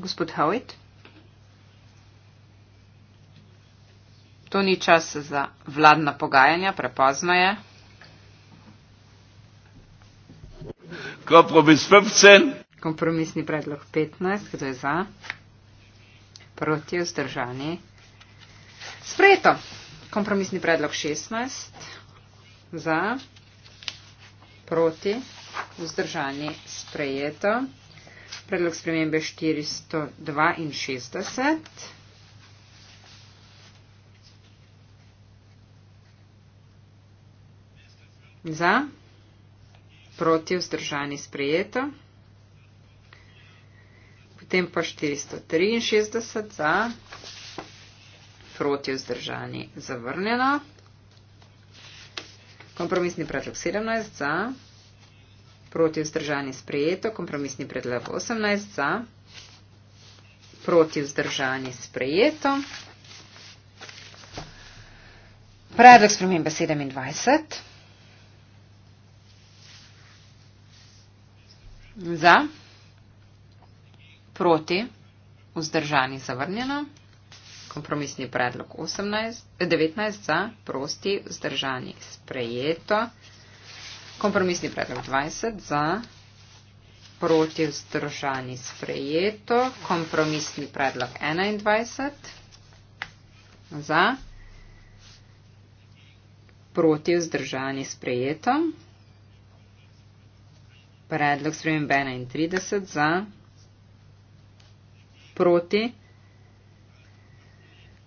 Gospod Howitt. To ni čas za vladna pogajanja, prepozno je. Kompromis 15. Kompromisni predlog 15. Kdo je za? Proti vzdržani. Sprejeto. Kompromisni predlog 16. Za. Proti vzdržani. Sprejeto predlog spremembe 462. Za, proti, vzdržani, sprejeto. Potem pa 463 za, proti, vzdržani, zavrnjeno. Kompromisni predlog 17 za, proti vzdržani sprejeto, kompromisni predlog 18 za, proti vzdržani sprejeto. Predlog spremembe 27. Za, proti, vzdržani zavrnjeno, kompromisni predlog 18, 19 eh, za, proti, vzdržani sprejeto. Kompromisni predlog 20 za, proti vzdržani sprejeto. Kompromisni predlog 21 za, proti vzdržani sprejeto. Predlog sprejem 31 za, proti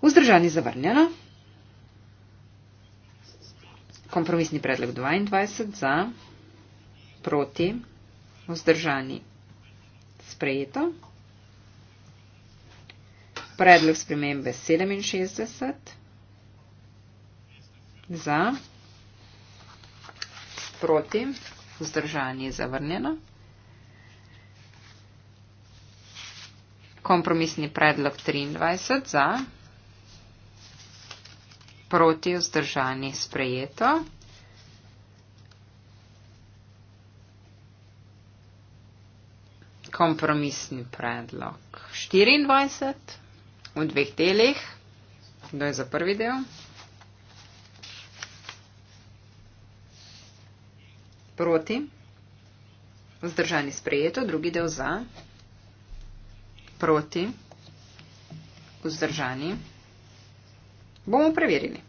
vzdržani zavrnjeno kompromisni predlog 22 za, proti, vzdržani, sprejeto. Predlog spremembe 67 za, proti, vzdržani, zavrnjeno. Kompromisni predlog 23 za proti vzdržani sprejeto. Kompromisni predlog 24 v dveh delih. Kdo je za prvi del? Proti. Vzdržani sprejeto. Drugi del za. Proti. Vzdržani sprejeto. Bomo preverili.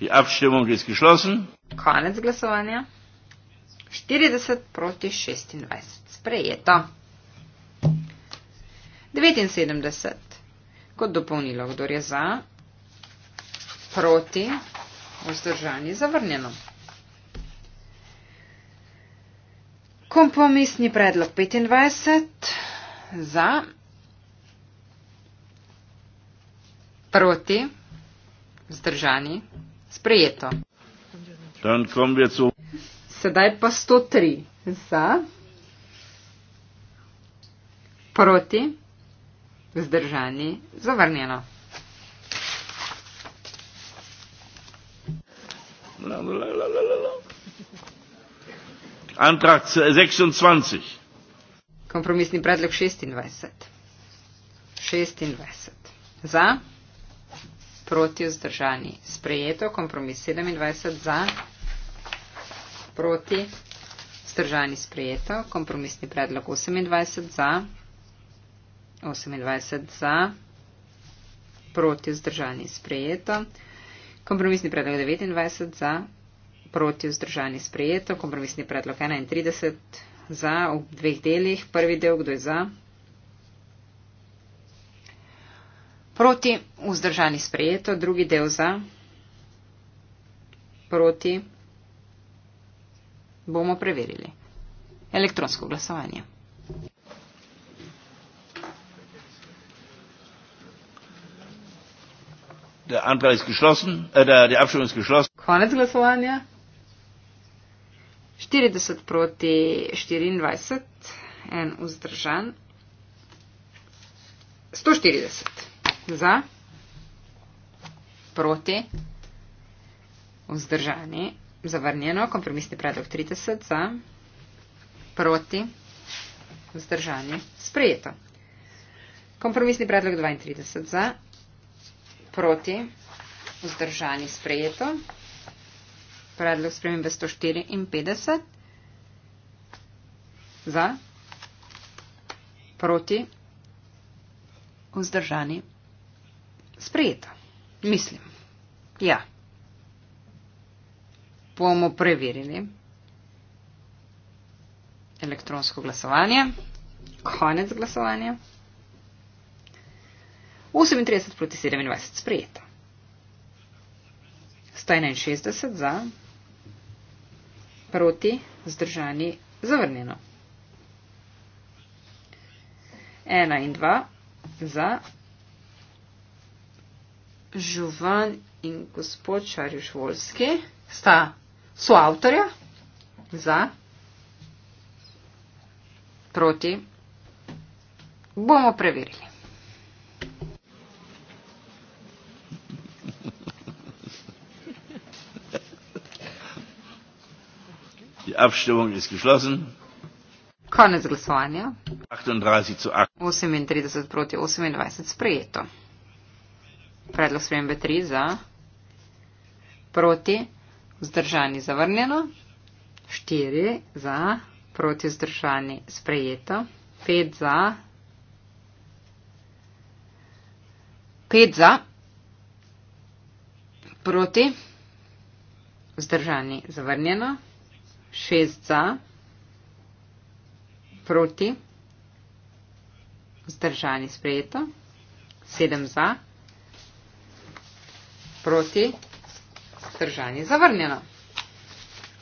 Die Abstimmung ist geschlossen. Konec glasovanja. 40 proti 26. Sprejeto. 79. Kot dopolnilo, kdo je za? Proti vzdržani zavrnjeno. Kompromisni predlog 25 za proti vzdržani sprejeto. Sedaj pa 103 za proti vzdržani zavrnjeno. Antrag 26. Kompromisni predlog 26. 26. Za. Proti vzdržani. Sprejeto. Kompromis 27. Za. Proti vzdržani. Sprejeto. Kompromisni predlog 28. Za. 28. Za. Proti vzdržani. Sprejeto. Kompromisni predlog 29 za, proti vzdržanje sprejeto. Kompromisni predlog 31 za v dveh delih. Prvi del, kdo je za? Proti vzdržanje sprejeto. Drugi del za? Proti. Bomo preverili. Elektronsko glasovanje. Der Antrag ist geschlossen. Äh, der, die Abstimmung ist geschlossen. Konec glasovanja. 40 proti 24, en vzdržan. 140 za, proti, vzdržani, zavrnjeno, kompromisni predlog 30 za, proti, vzdržani, sprejeto. Kompromisni predlog 32 za proti, vzdržani sprejeto. Predlog spremembe 154 za, proti, vzdržani sprejeto. Mislim, ja, bomo preverili elektronsko glasovanje, konec glasovanja. 38 proti 27 sprejeta. 161 za, proti, zdržani, zavrnjeno. 1 in 2 za, Žuvan in gospod Šariš Volski sta soavtorja za, proti, bomo preverili. Abstimmung ist geschlossen. Konec glasovanja. 38 zu 8. 38 proti 28 sprejeto. Predlog spremembe 3 za. Proti. Vzdržani zavrnjeno. 4 za. Proti vzdržani sprejeto. 5 za. 5 za. Proti. Vzdržani zavrnjeno. 6 za, proti, vzdržani sprejeto, 7 za, proti, vzdržani zavrnjeno.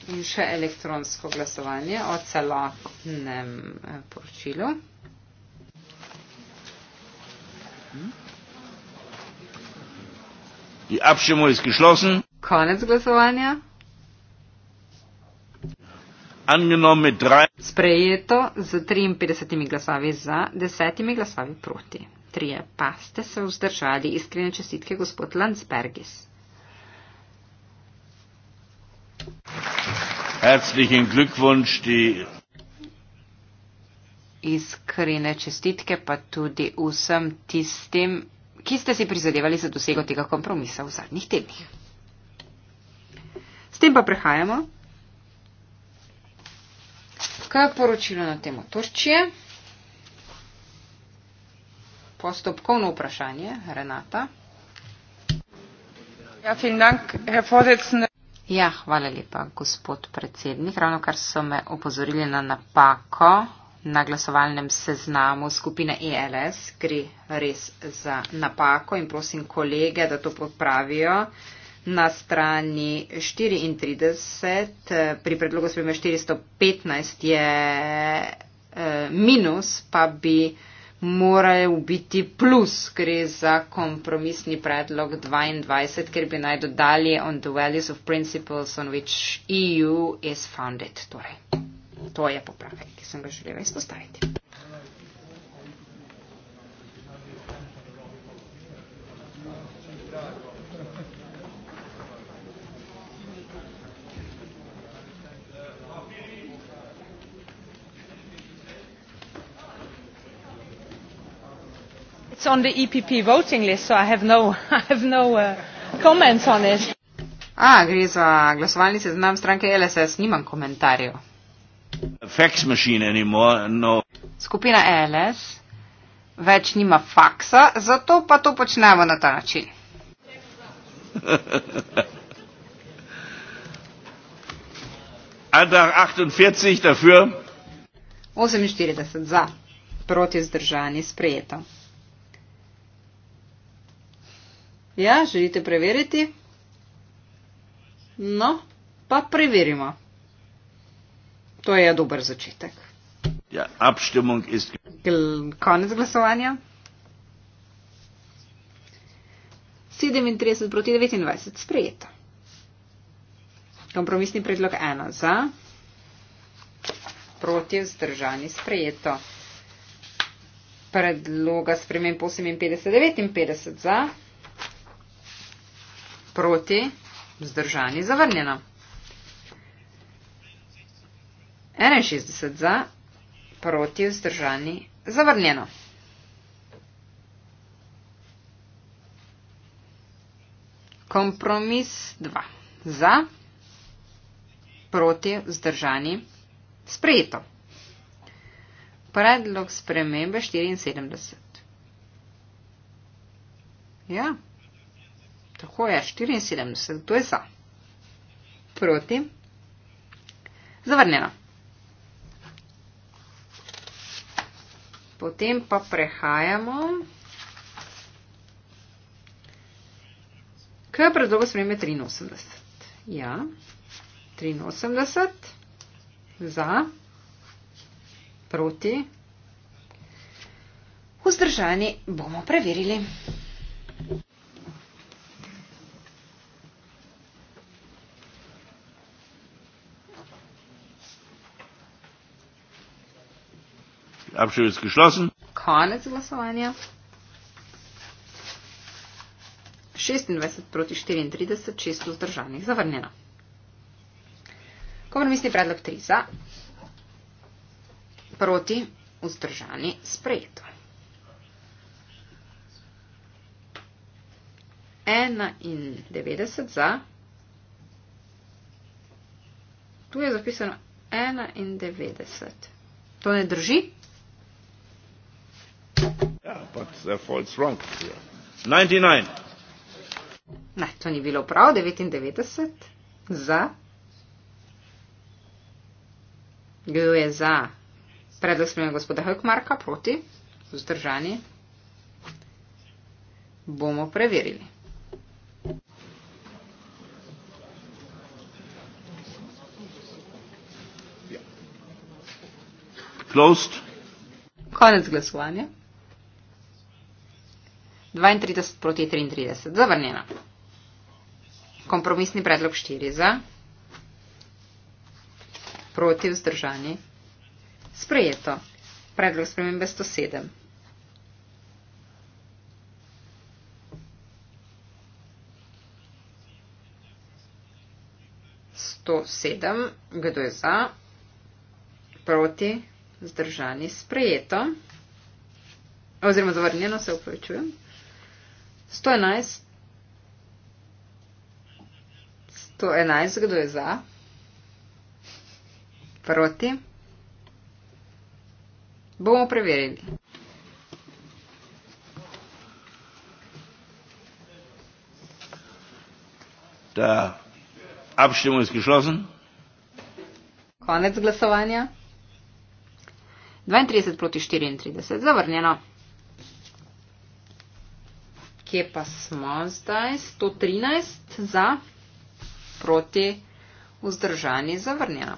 In še elektronsko glasovanje o celotnem eh, poročilu. Die Abstimmung ist geschlossen. Konec glasovanja. Sprejeto z 53 glasovi za, 10 glasovi proti. Trije pa ste se vzdržali. Iskrene čestitke, gospod Landsbergis. Herzlichen Glückwunsch, die. Iskrene čestitke pa tudi vsem tistim, ki ste si prizadevali za dosego tega kompromisa v zadnjih tednih. S tem pa prehajamo Kaj je poročilo na temo Turčije? Postopkovno vprašanje, Renata. Ja, dank, ja, hvala lepa, gospod predsednik. Ravno kar so me opozorili na napako na glasovalnem seznamu skupine ELS, gre res za napako in prosim kolege, da to popravijo na strani 34, pri predlogu spremembe 415 je eh, minus, pa bi morajo biti plus, gre za kompromisni predlog 22, ker bi naj dodali on the values of principles on which EU is founded. Torej, to je popravek, ki sem ga želela izpostaviti. it's on the EPP voting list, so I have no, I have no uh, comments on it. Ah, gre za glasovalni seznam stranke LSS, nimam komentarjev. No. Skupina LS več nima faksa, zato pa to počnemo na ta način. Antrag 48 dafür. 48 za. Proti zdržanje sprejeto. Ja, želite preveriti? No, pa preverimo. To je dober začetek. Ja, abstimmung ist. Gl konec glasovanja. 37 proti 29 sprejeto. Kompromisni predlog 1 za, proti vzdržani sprejeto. Predloga spremem 58 in 59 za proti, vzdržani, zavrnjeno. 61 za, proti, vzdržani, zavrnjeno. Kompromis 2. Za, proti, vzdržani, sprejeto. Predlog spremembe 74. Ja. Tako je, 74, to je za. Proti. Zavrnjeno. Potem pa prehajamo k predlogu spremembe 83. Ja, 83 za, proti. Vzdržani bomo preverili. Abstimmung ist geschlossen. Konec glasovanja. 26 proti 34, 6 vzdržanih, zavrnjeno. Kompromisni predlog 3 za, proti vzdržani, sprejeto. 91 za, tu je zapisano 91. To ne drži? Ja, ne, to ni bilo prav, 99 za. Kdo je za predlog spremenja gospoda Hökmarka proti vzdržanje? Bomo preverili. Closed. Konec glasovanja. 32 proti 33. Zavrnjeno. Kompromisni predlog 4 za. Proti vzdržani. Sprejeto. Predlog spremembe 107. To sedem, kdo je za, proti, zdržani, sprejeto, oziroma zavrnjeno, se upravičujem. 111. 111, kdo je za? Proti? Bomo preverili. Da, abštimo izkišlozen. Konec glasovanja. 32 proti 34, zavrnjeno kje pa smo zdaj? 113 za, proti, vzdržani, zavrnjeno.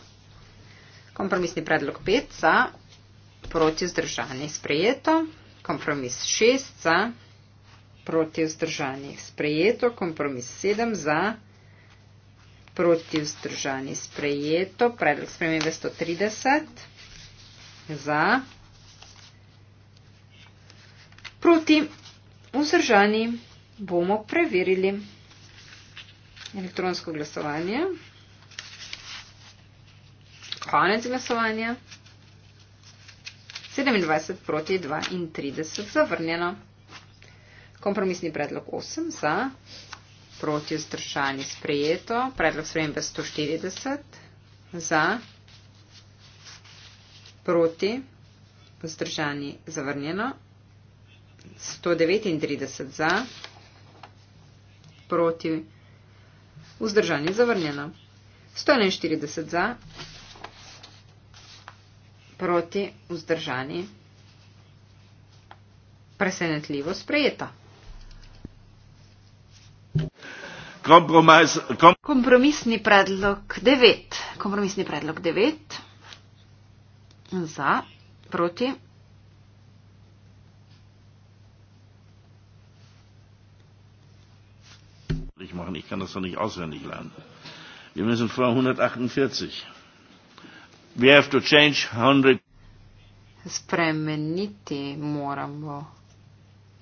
Kompromisni predlog 5 za, proti, vzdržani, sprejeto. Kompromis 6 za, proti, vzdržani, sprejeto. Kompromis 7 za, proti, vzdržani, sprejeto. Predlog spremembe 130 za, proti, vzdržani, sprejeto vzdržani, bomo preverili elektronsko glasovanje. Konec glasovanja. 27 proti 32 zavrnjeno. Kompromisni predlog 8 za, proti vzdržani sprejeto, predlog spremembe 140 za, proti vzdržani zavrnjeno, 139 za, proti, vzdržanje zavrnjeno. 141 za, proti, vzdržanje, presenetljivo sprejeta. Kompromis, kom... Kompromisni predlog 9. Kompromisni predlog 9. Za, proti, machen. Ich kann das doch nicht auswendig lernen. Wir müssen vor 148. We have to change 100. Spremeniti moramo.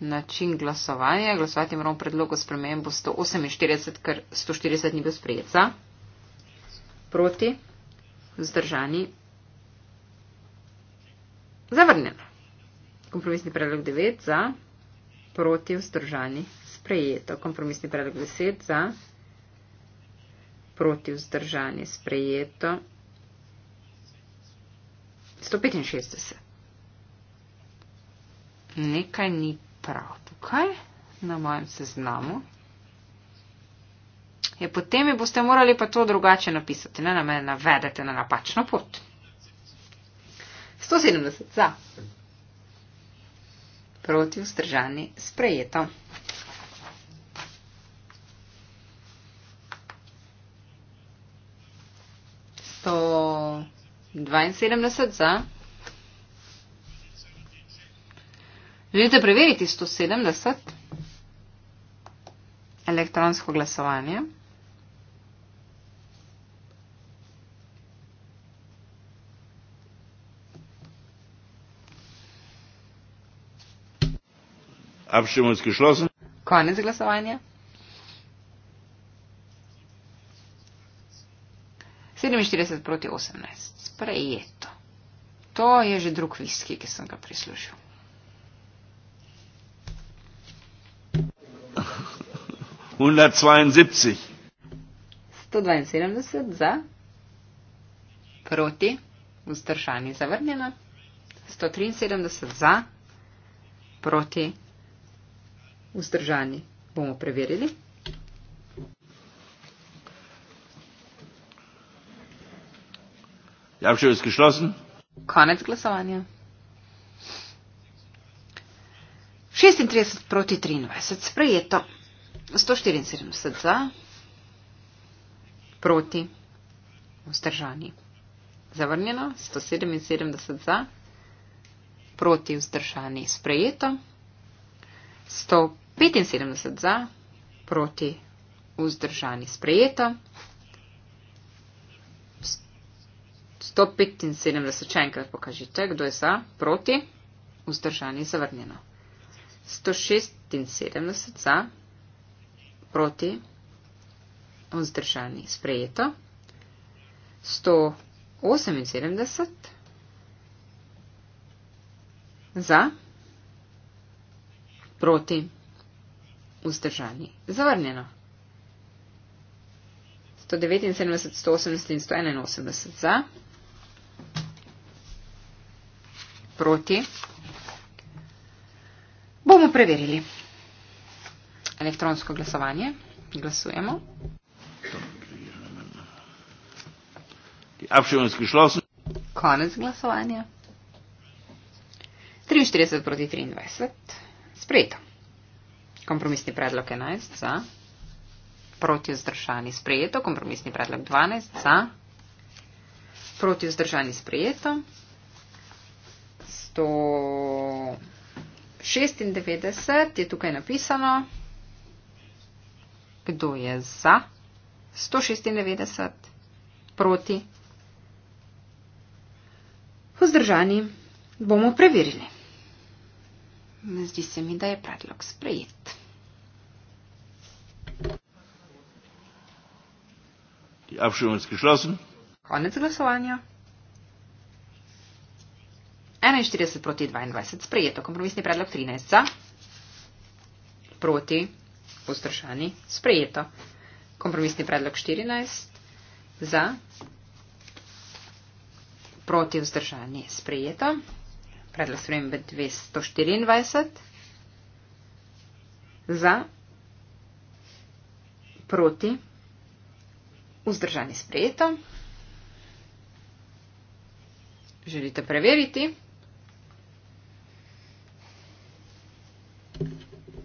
Način glasovanja. Glasovati moramo predlogu spremembo 148, ker 140 ni bil sprejet. Za? Proti? Zdržani? Zavrnjen. Kompromisni predlog 9 za, proti vzdržani sprejeto. Kompromisni predlog 10 za, proti vzdržanje sprejeto. 165. Nekaj ni prav tukaj na mojem seznamu. Je, ja, potem mi boste morali pa to drugače napisati, ne na me navedete na napačno pot. 170 za. Proti vzdržani sprejeto. 72 za. Želite preveriti 170 elektronsko glasovanje? Konec glasovanja. 47 proti 18 prejeto. To je že drug viski, ki sem ga prislušil. Hundred zweiundsiebzig. Sto dvainsedemdeset za. Proti. Vzdržani zavrnjeno. Sto triinsedemdeset za. Proti. Vzdržani bomo preverili. Die Abstimmung ist geschlossen. Konec glasovanja. 36 proti 23, sprejeto. 174 za, proti, vzdržani. Zavrnjeno, 177 za, proti, vzdržani, sprejeto. 175 za, proti, vzdržani, sprejeto. 175, če enkrat pokažite, kdo je za, proti, vzdržani, zavrnjeno. 176 za, proti, vzdržani, sprejeto. 178 za, proti, vzdržani, zavrnjeno. 179, 180 in 181 za. proti. Bomo preverili. Elektronsko glasovanje. Glasujemo. Konec glasovanja. 43 proti 23. Sprejeto. Kompromisni predlog 11 za. Proti vzdržani sprejeto. Kompromisni predlog 12 za. Proti vzdržani sprejeto. 196 je tukaj napisano. Kdo je za? 196 proti. Vzdržani bomo preverili. Zdi se mi, da je predlog sprejet. Abšumanski šlosen. Konec glasovanja. 41 proti 22 sprejeto. Kompromisni predlog 13 za, proti, vzdržani, sprejeto. Kompromisni predlog 14 za, proti, vzdržani, sprejeto. Predlog spremembe 224 za, proti, vzdržani, sprejeto. Želite preveriti?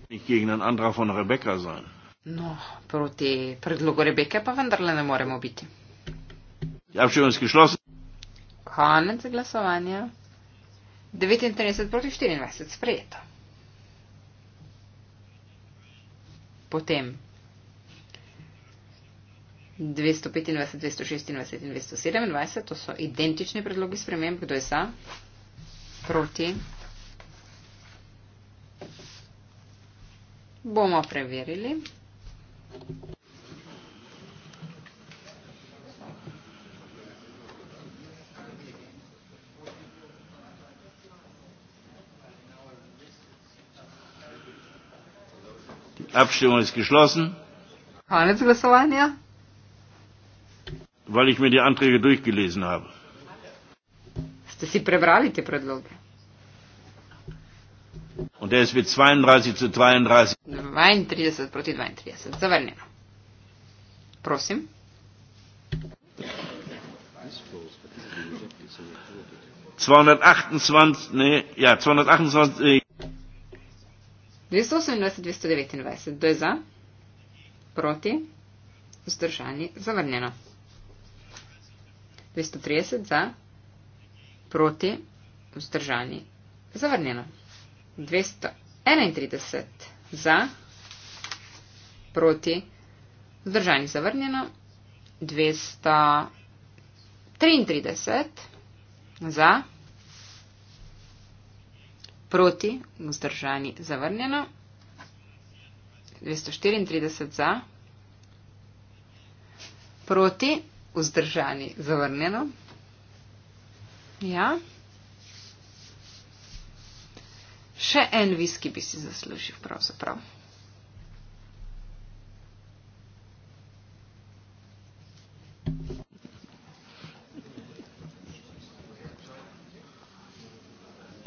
nasprotnik, ki jih na Andra von Rebeka zanj. No, proti predlogu Rebeke pa vendarle ne moremo biti. Javčevanski šlos. Konec glasovanja. 39 proti 24 sprejeto. Potem. 225, 226 in 227, to so identični predlogi sprememb, kdo je za, proti, Bomo preverili. Abstimmung ist geschlossen. Weil ich mir die Anträge durchgelesen habe. Ste si prebrali te predloge? Und er ist mit 32 zu 33. 32 proti 32. Zavrnjeno. Prosim. Ja, 228-229. Eh. To je za, proti, vzdržani, zavrnjeno. 230 za, proti, vzdržani, zavrnjeno. 231 za, proti, zdržani zavrnjeno, 233 za, proti, zdržani zavrnjeno, 234 za, proti, vzdržani zavrnjeno. Ja. Še en viski bi si zaslužil, pravzaprav. Prav.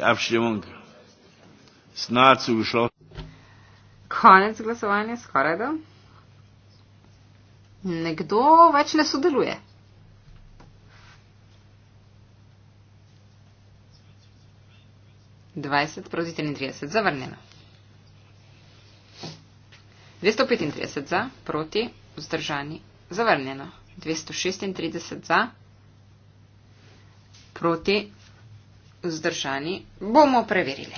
Abstimmung. Ist nahezu geschlossen. Konec glasovanja skoraj da. Nekdo več ne sodeluje. Dvajset proti trideset zavrnjeno. Dvesto petintrideset za, proti, vzdržani, zavrnjeno. Dvesto šestintrideset za, proti, vzdržani, bomo preverili.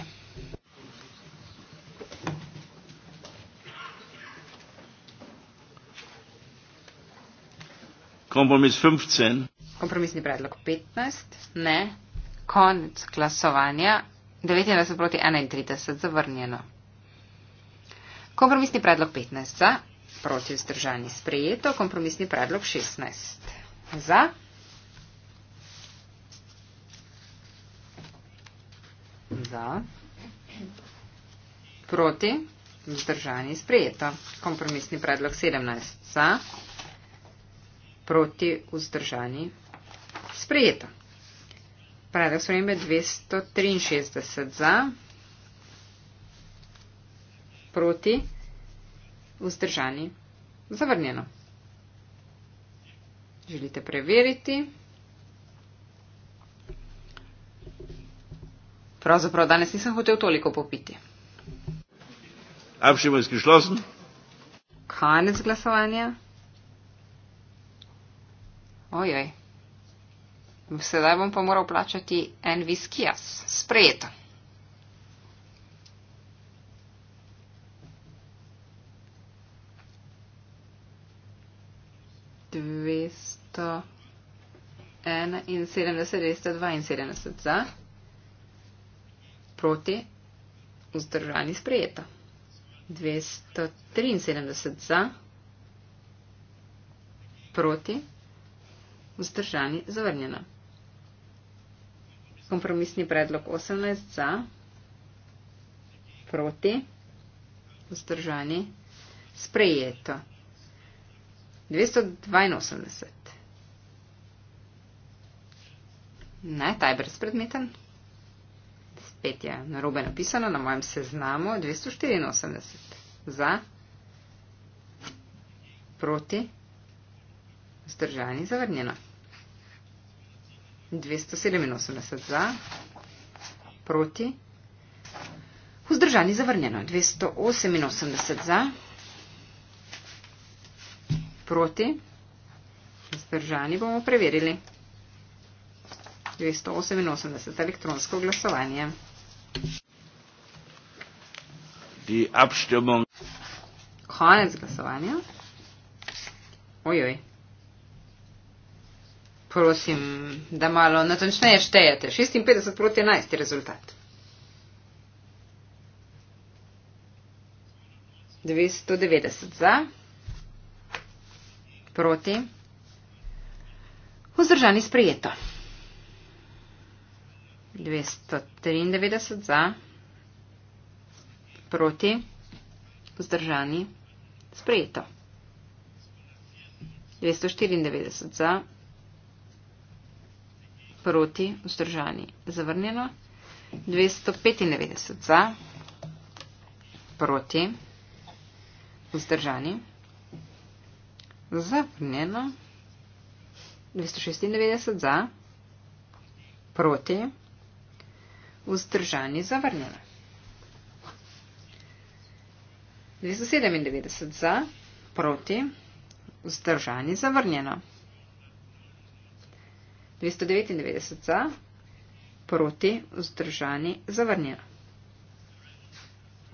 Kompromis 15. Kompromisni predlog 15. Ne. Konec glasovanja. 29 proti 31 zavrnjeno. Kompromisni predlog 15 za, proti vzdržani sprejeto, kompromisni predlog 16 za. za, proti, vzdržani, sprejeto. Kompromisni predlog 17 za, proti, vzdržani, sprejeto. Predlog spremembe 263 za, proti, vzdržani, zavrnjeno. Želite preveriti? Pravzaprav danes nisem hotel toliko popiti. Abšimajski šlosen. Konec glasovanja. Ojoj. Sedaj bom pa moral plačati en viski jaz. Sprejeto. Dvesto ena in sedemdeset, dvesto dva in sedemdeset za proti, vzdržani sprejeto. 273 za, proti, vzdržani zavrnjeno. Kompromisni predlog 18 za, proti, vzdržani sprejeto. 282. Ne, ta je brezpredmeten. 5 je na robe napisano na mojem seznamu 284 za, proti, zdržani, zavrnjeno. 287 za, proti, vzdržani, zavrnjeno. 288 za, proti, zdržani bomo preverili. 288 elektronsko glasovanje. Die Abstimmung. Konec glasovanja. Ojoj. Prosim, da malo natančneje štejete. 56 proti 11 je rezultat. 290 za. Proti. Vzdržani sprejeto. 293 za, proti, vzdržani, sprejeto. 294 za, proti, vzdržani, zavrnjeno. 295 za, proti, vzdržani, zavrnjeno. 296 za, proti, vzdržani vzdržani zavrnjena. 297 za, proti, vzdržani zavrnjeno. 299 za, proti, vzdržani zavrnjeno.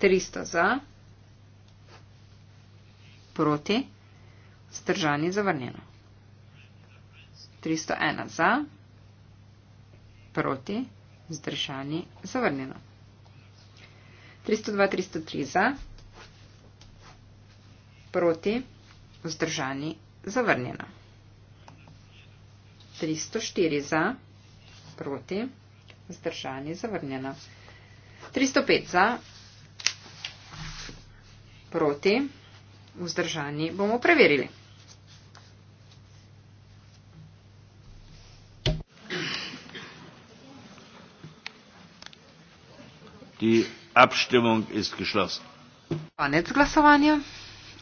300 za, proti, vzdržani zavrnjeno. 301 za, proti, vzdržani zavrnjeno. Zdržani, zavrnjeno. 302-303 za, proti, vzdržani, zavrnjeno. 304 za, proti, vzdržani, zavrnjeno. 305 za, proti, vzdržani, bomo preverili. 304. Die Abstimmung ist geschlossen. Konec glasovanja.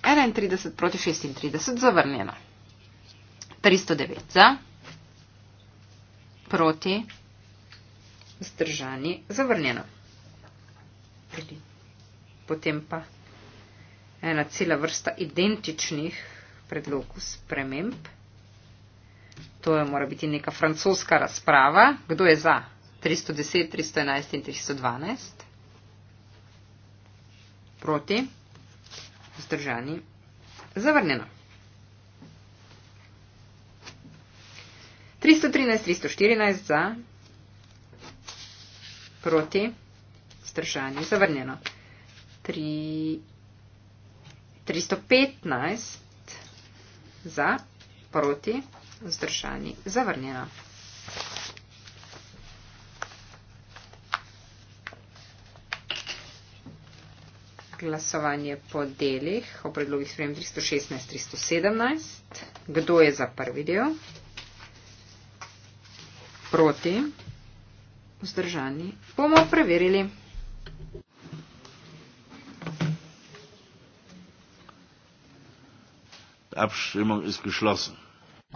31 proti 36 zavrnjeno. 309 za, proti, zdržani, zavrnjeno. Potem pa ena cela vrsta identičnih predlogov sprememb. To je mora biti neka francoska razprava. Kdo je za 310, 311 in 312? proti, vzdržani, zavrnjeno. 313, 314 za, proti, vzdržani, zavrnjeno. 3, 315 za, proti, vzdržani, zavrnjeno. glasovanje po delih, o predlogih sprejem 316-317. Kdo je za prvi del? Proti? Vzdržani? Bomo preverili.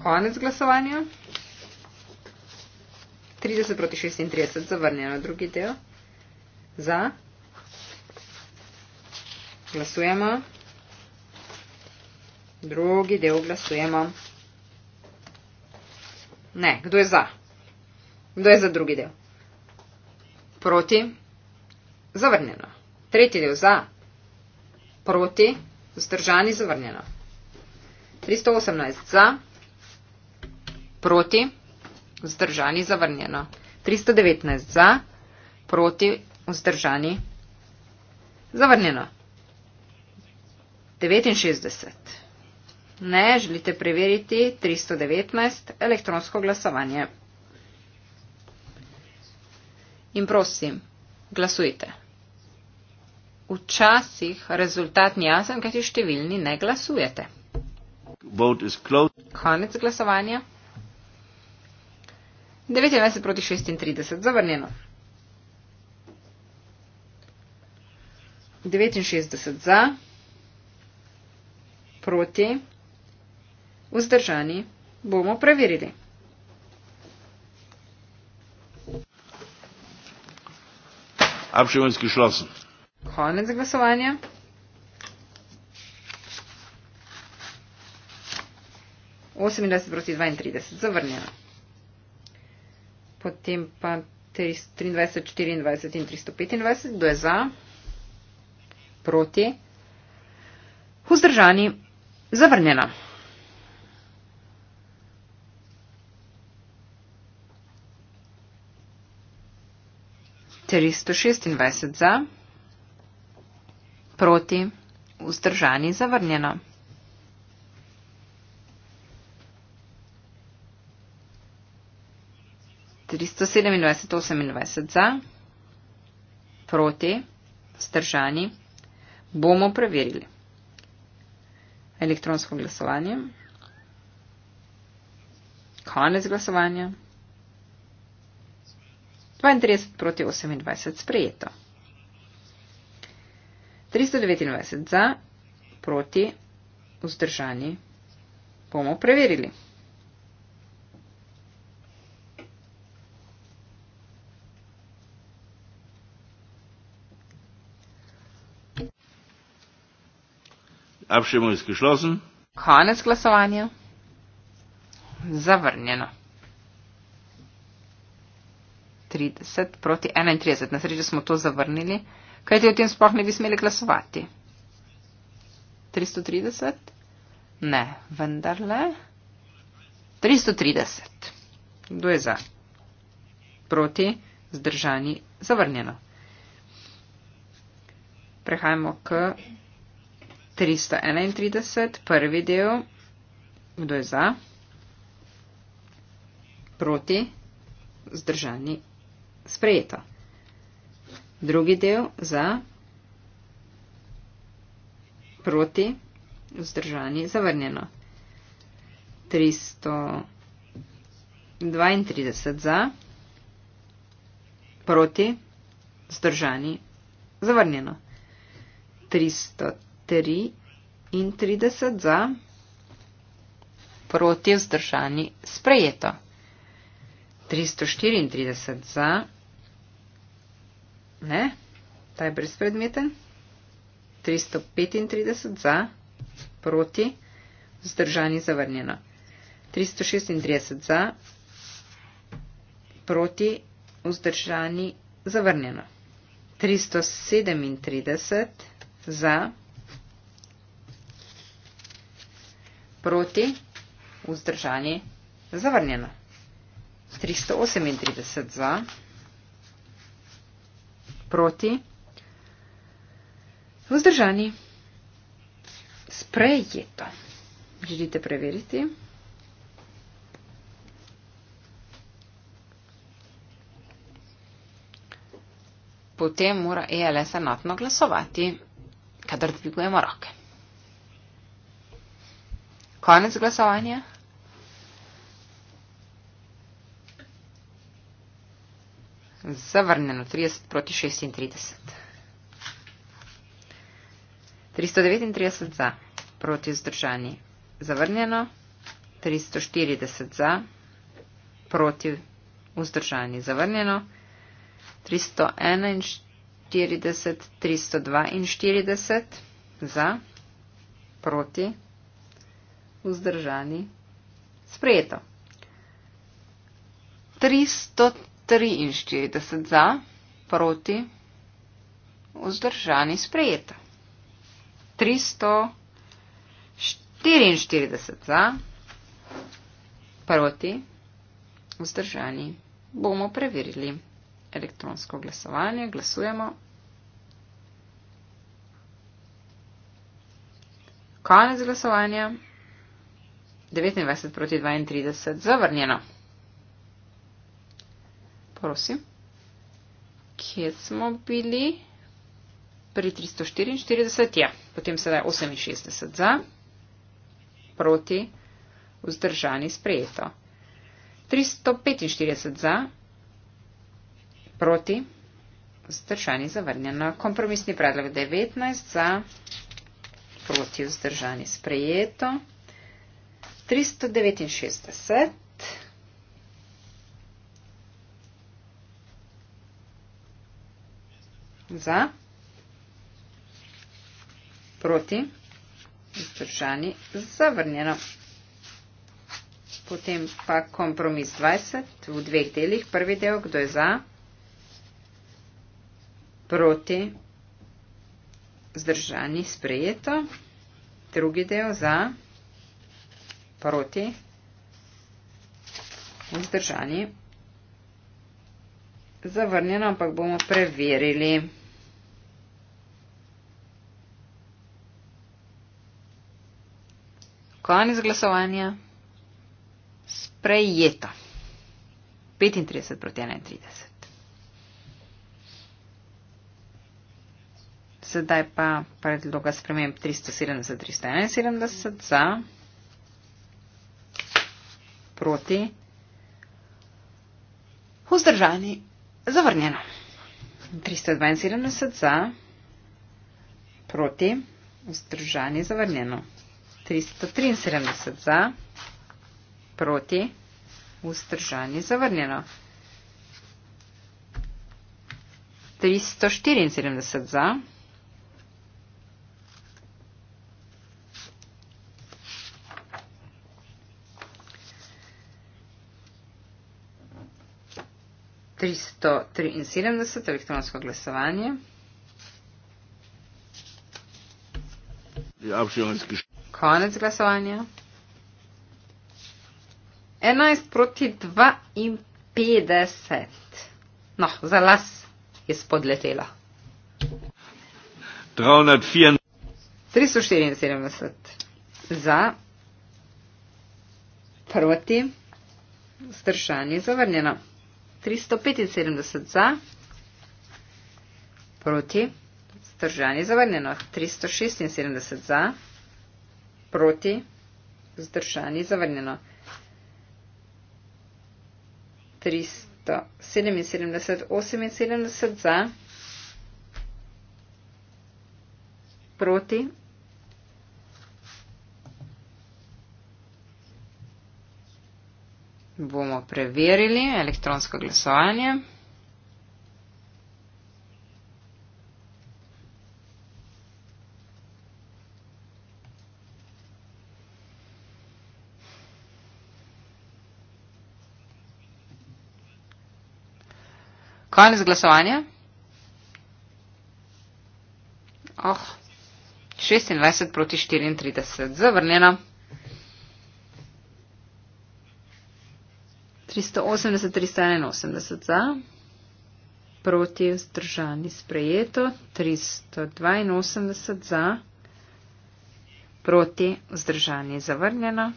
Konec glasovanja. 30 proti 36 zavrnjeno drugi del. Za? glasujemo. Drugi del glasujemo. Ne, kdo je za? Kdo je za drugi del? Proti. Zavrnjeno. Tretji del za. Proti. Zdržani zavrnjeno. 318 za. Proti. Zdržani zavrnjeno. 319 za. Proti. Zdržani zavrnjeno. 69. Ne, želite preveriti 319 elektronsko glasovanje. In prosim, glasujte. Včasih rezultat ni jasen, kajti številni ne glasujete. Konec glasovanja. 29 proti 36, zavrnjeno. 69 za proti, vzdržani, bomo preverili. Abšivanski šlosen. Konec glasovanja. Osemindvajset proti dvaintrideset, zavrnjeno. Potem pa trinajst, štiriindvajset in tristo petindvajset, kdo je za? Proti? Vzdržani. Zavrnjena. Tristo šestindvajset za, proti, vzdržani, zavrnjeno. Tristo sedemindvajset osemindvajset za, proti, vzdržani, bomo preverili elektronsko glasovanje. Konec glasovanja. 32 proti 28 sprejeto. 329 za, proti, vzdržani. Bomo preverili. Abšemov izkašlosen. Konec glasovanja. Zavrnjeno. 30 proti 31. Na srečo smo to zavrnili, kajti o tem sploh ne bi smeli glasovati. 330? Ne, vendarle. 330. Kdo je za? Proti, zdržani, zavrnjeno. Prehajamo k 331, prvi del, kdo je za, proti, zdržani, sprejeto. Drugi del, za, proti, vzdržani, zavrnjeno. 332 za, proti, vzdržani, zavrnjeno. 300. 3 in 30 za, proti vzdržani sprejeto. 334 za, ne, ta je brezpredmeten. 335 za, proti vzdržani zavrnjeno. 336 za, proti vzdržani zavrnjeno. 337 za, proti vzdržani zavrnjeno. proti vzdržani zavrnjeno. 338 za, proti vzdržani sprejeto. Želite preveriti? Potem mora ELS enotno glasovati, kadar dvigujemo roke. Konec glasovanja. Zavrnjeno 30 proti 36. 339 za proti zdržani. Zavrnjeno 340 za proti vzdržani. Zavrnjeno 341, 342 za proti vzdržani. Sprejeto. 343 za, proti, vzdržani, sprejeto. 344 za, proti, vzdržani. Bomo preverili elektronsko glasovanje. Glasujemo. Konec glasovanja. 29 proti 32 zavrnjeno. Prosim. Kje smo bili? Pri 344 je. Ja. Potem sedaj 68 za. Proti. Vzdržani sprejeto. 345 za. Proti. Vzdržani zavrnjeno. Kompromisni predlog 19 za. Proti. Vzdržani sprejeto. 369. Za, proti, izdržani, zavrnjeno. Potem pa kompromis 20 v dveh delih. Prvi del, kdo je za, proti, izdržani, sprejeto. Drugi del za, proti proti, vzdržani, zavrnjeno, ampak bomo preverili. Konec glasovanja, sprejeta, 35 proti 31. Sedaj pa predloga sprememb 370-371 za. Proti. Vzdržani. Zavrnjeno. 372 za. Proti. Vzdržani. Zavrnjeno. 373 za. Proti. Vzdržani. Zavrnjeno. 374 za. 373, elektronsko glasovanje. Konec glasovanja. 11 proti 52. No, za las je spodletela. 374 za proti. Stršanje zavrnjeno. 375 za, proti, zdržani zavrnjeno, 376 za, proti, zdržani zavrnjeno, 377, 78 za, proti, bomo preverili elektronsko glasovanje. Konec glasovanja. Oh, 26 proti 34, zavrnjeno. 380, 381 za, proti vzdržani sprejeto, 382 za, proti vzdržani zavrnjeno.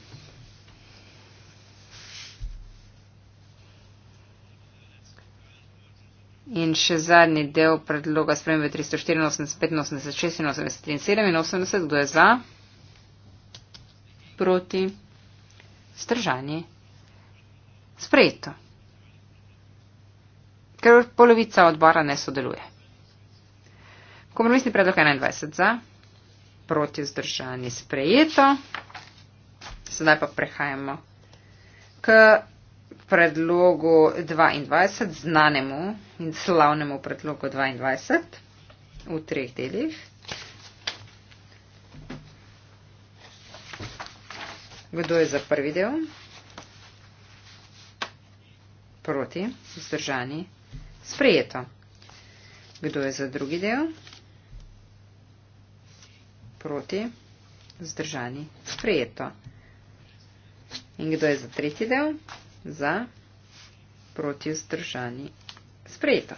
In še zadnji del predloga spremembe 384, 85, 86, 87, 87, kdo je za? Proti. Stržanje. Sprejeto. Ker polovica odbora ne sodeluje. Kompromisni predlog 21 za, proti zdržani sprejeto. Sedaj pa prehajamo k predlogu 22, znanemu in slavnemu predlogu 22 v treh delih. Kdo je za prvi del? Proti, vzdržani, sprejeto. Kdo je za drugi del? Proti, vzdržani, sprejeto. In kdo je za tretji del? Za, proti, vzdržani, sprejeto.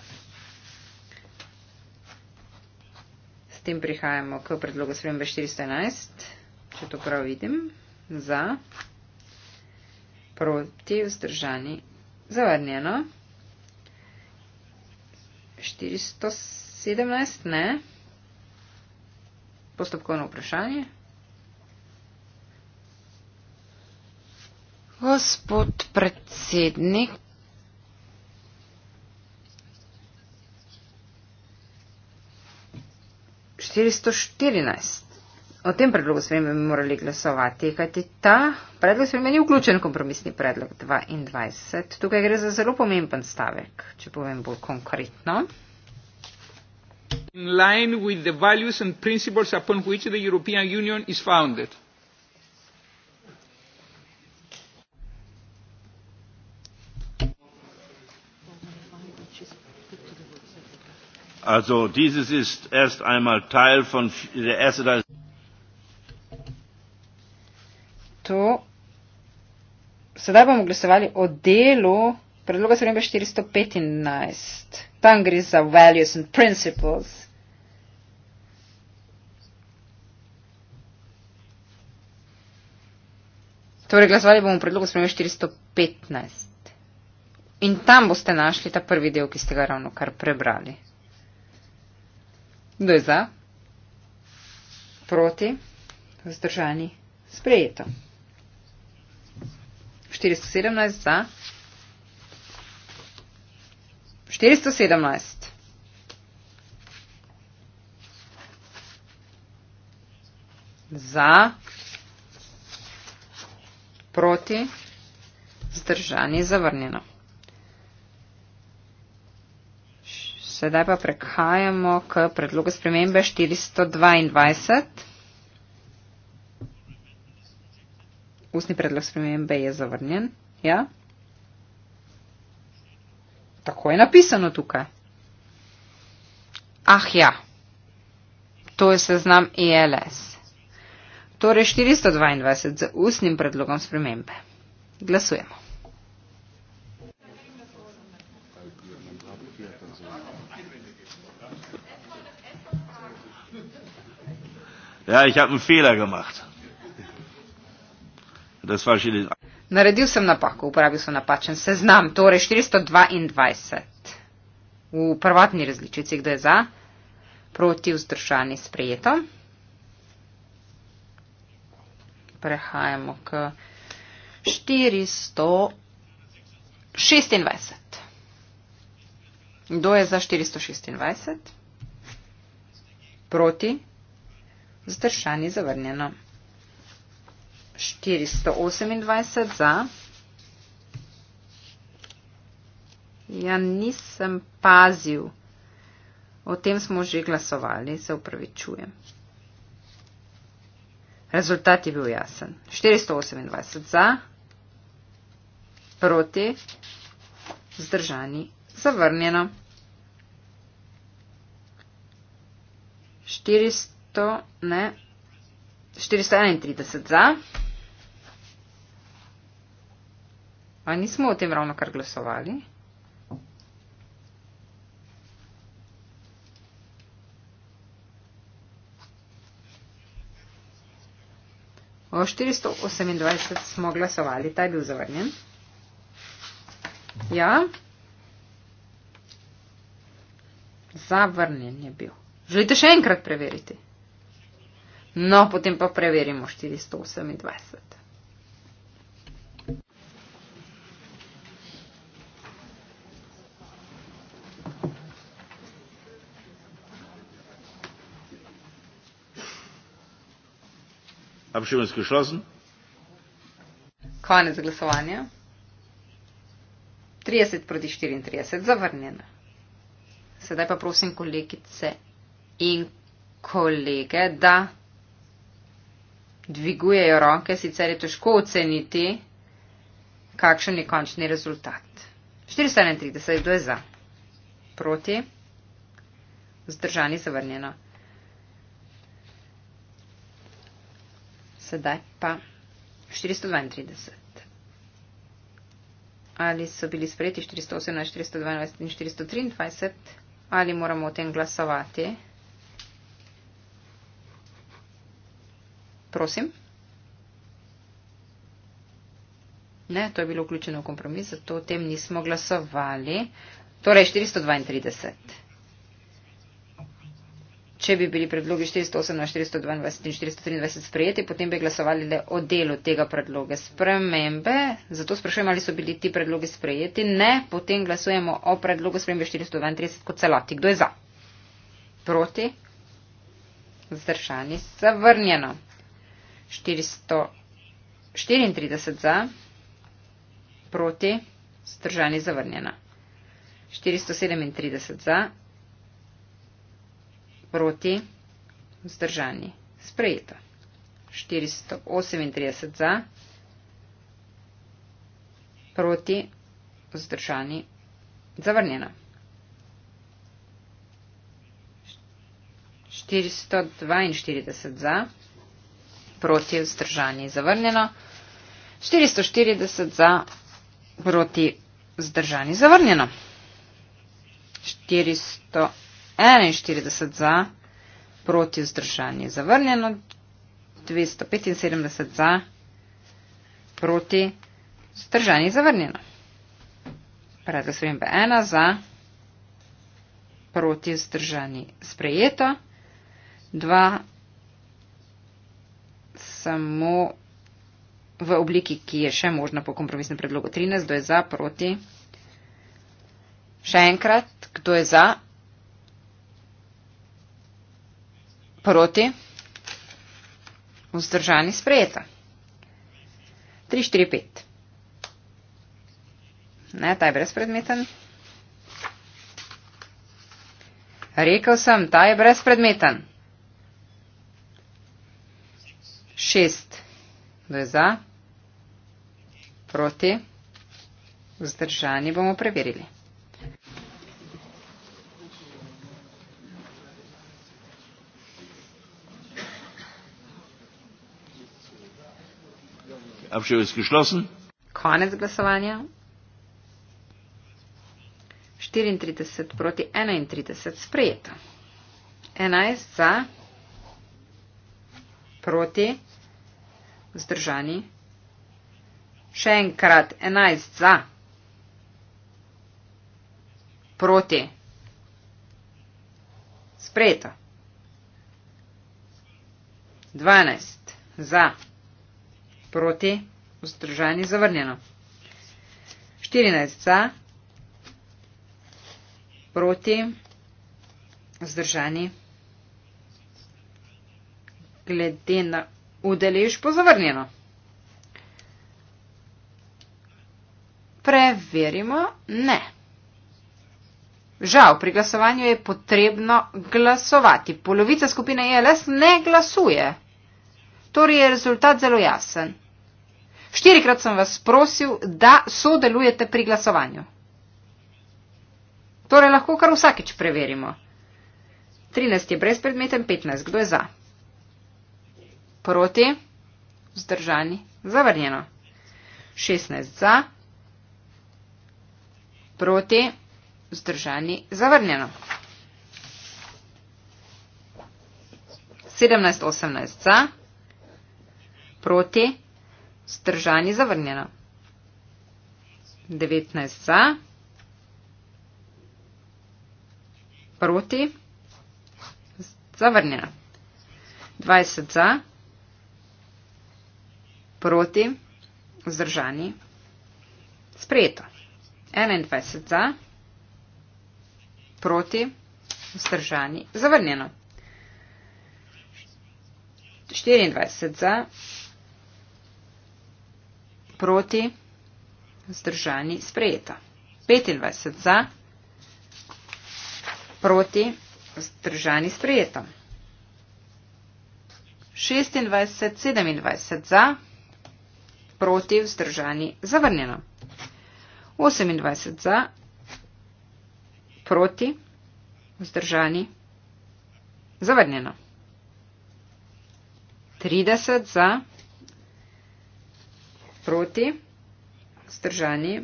S tem prihajamo k predlogu spremembe 411, če to prav vidim. Za, proti, vzdržani, sprejeto. Zavrnjeno. 417 ne. Postopkovno vprašanje. Gospod predsednik. Štiristo štirinajst o tem predlogu spremembe bi morali glasovati, kajti ta predlog spremembe ni vključen v kompromisni predlog 22. Tukaj gre za zelo pomemben stavek, če povem bolj konkretno. In line with the values and principles upon which the European Union is founded. Also, dieses ist erst einmal Teil von der ersten. to. Sedaj bomo glasovali o delu predloga spremembe 415. Tam gre za values and principles. Torej, glasovali bomo v predlogu spremembe 415. In tam boste našli ta prvi del, ki ste ga ravno kar prebrali. Kdo je za? Proti? Zdržani? Sprejeto. 417 za. 417. Za, proti, zdržani, zavrnjeno. Sedaj pa prekajamo k predlogu spremembe 422. Ustni predlog spremembe je zavrnjen. Ja? Tako je napisano tukaj. Ah ja, to je seznam ELS. Torej 422 z ustnim predlogom spremembe. Glasujemo. Ja, ich habe einen Fehler gemacht da sva želi. Naredil sem napako, uporabil sem napačen seznam, torej 422. V prvotni različici, kdo je za, proti vzdržani sprejeto. Prehajamo k 426. Kdo je za 426? Proti. Zdržani zavrnjeno. 428 za. Ja, nisem pazil. O tem smo že glasovali, se upravičujem. Rezultat je bil jasen. 428 za, proti, zdržani, zavrnjeno. 400, ne, 431 za. A nismo o tem ravno kar glasovali? O 428 smo glasovali, ta je bil zavrnjen. Ja. Zavrnjen je bil. Želite še enkrat preveriti? No, potem pa preverimo 428. Abstimmung ist geschlossen. Konec glasovanja. 30 proti 34, zavrnjeno. Sedaj pa prosim kolegice in kolege, da dvigujejo roke, sicer je težko oceniti, kakšen je končni rezultat. 431, kdo je za? Proti? Zdržani, zavrnjeno. sedaj pa 432. Ali so bili sprejeti 418, 422 in 423, ali moramo o tem glasovati? Prosim. Ne, to je bilo vključeno v kompromis, zato o tem nismo glasovali. Torej 432. Če bi bili predlogi 408, 422 in 423 sprejeti, potem bi glasovali le o delu tega predloga spremembe. Zato sprašujem, ali so bili ti predlogi sprejeti. Ne, potem glasujemo o predlogu spremembe 432 kot celoti. Kdo je za? Proti? Zdržani? Zavrnjeno. 434 za. Proti? Zdržani? Zavrnjeno. 437 za proti, vzdržani, sprejeto. 438 za, proti, vzdržani, zavrnjeno. 442 za, proti, vzdržani, zavrnjeno. 440 za, proti, vzdržani, zavrnjeno. 400. 41 za, proti vzdržan je zavrnjeno, 275 za, proti vzdržan je zavrnjeno. Predlog spremembe 1 za, proti vzdržan je sprejeto, 2 samo v obliki, ki je še možna po kompromisnem predlogu 13, kdo je za, proti. Še enkrat, kdo je za, Proti. Vzdržani sprejeta. 3, 4, 5. Ne, ta je brezpredmeten. Rekel sem, ta je brezpredmeten. 6. Kdo je za? Proti. Vzdržani bomo preverili. Abstimmung ist geschlossen. Konec glasovanja. 34 proti 31 sprejeto. 11 za, proti, vzdržani. Še enkrat 11 za, proti, sprejeto. 12 za proti, vzdržani zavrnjeno. 14 za, proti, vzdržani, glede na udeležbo zavrnjeno. Preverimo, ne. Žal, pri glasovanju je potrebno glasovati. Polovica skupine ELS ne glasuje. Torej je rezultat zelo jasen. Štirikrat sem vas prosil, da sodelujete pri glasovanju. Torej lahko kar vsakeč preverimo. 13 je brez predmeten, 15. Kdo je za? Proti? Zdržani? Zavrnjeno. 16 za. Proti? Zdržani? Zavrnjeno. 17, 18 za proti, stržani zavrnjeno. 19 za, proti, zavrnjeno. 20 za, proti, zdržani, sprejeto. 21 za, proti, zdržani, zavrnjeno. 24 za, proti, vzdržani, sprejeta. 25 za, proti, vzdržani, sprejeta. 26, 27 za, proti, vzdržani, zavrnjeno. 28 za, proti, vzdržani, zavrnjeno. 30 za, proti, vzdržani, zavrnjeno proti, vzdržani,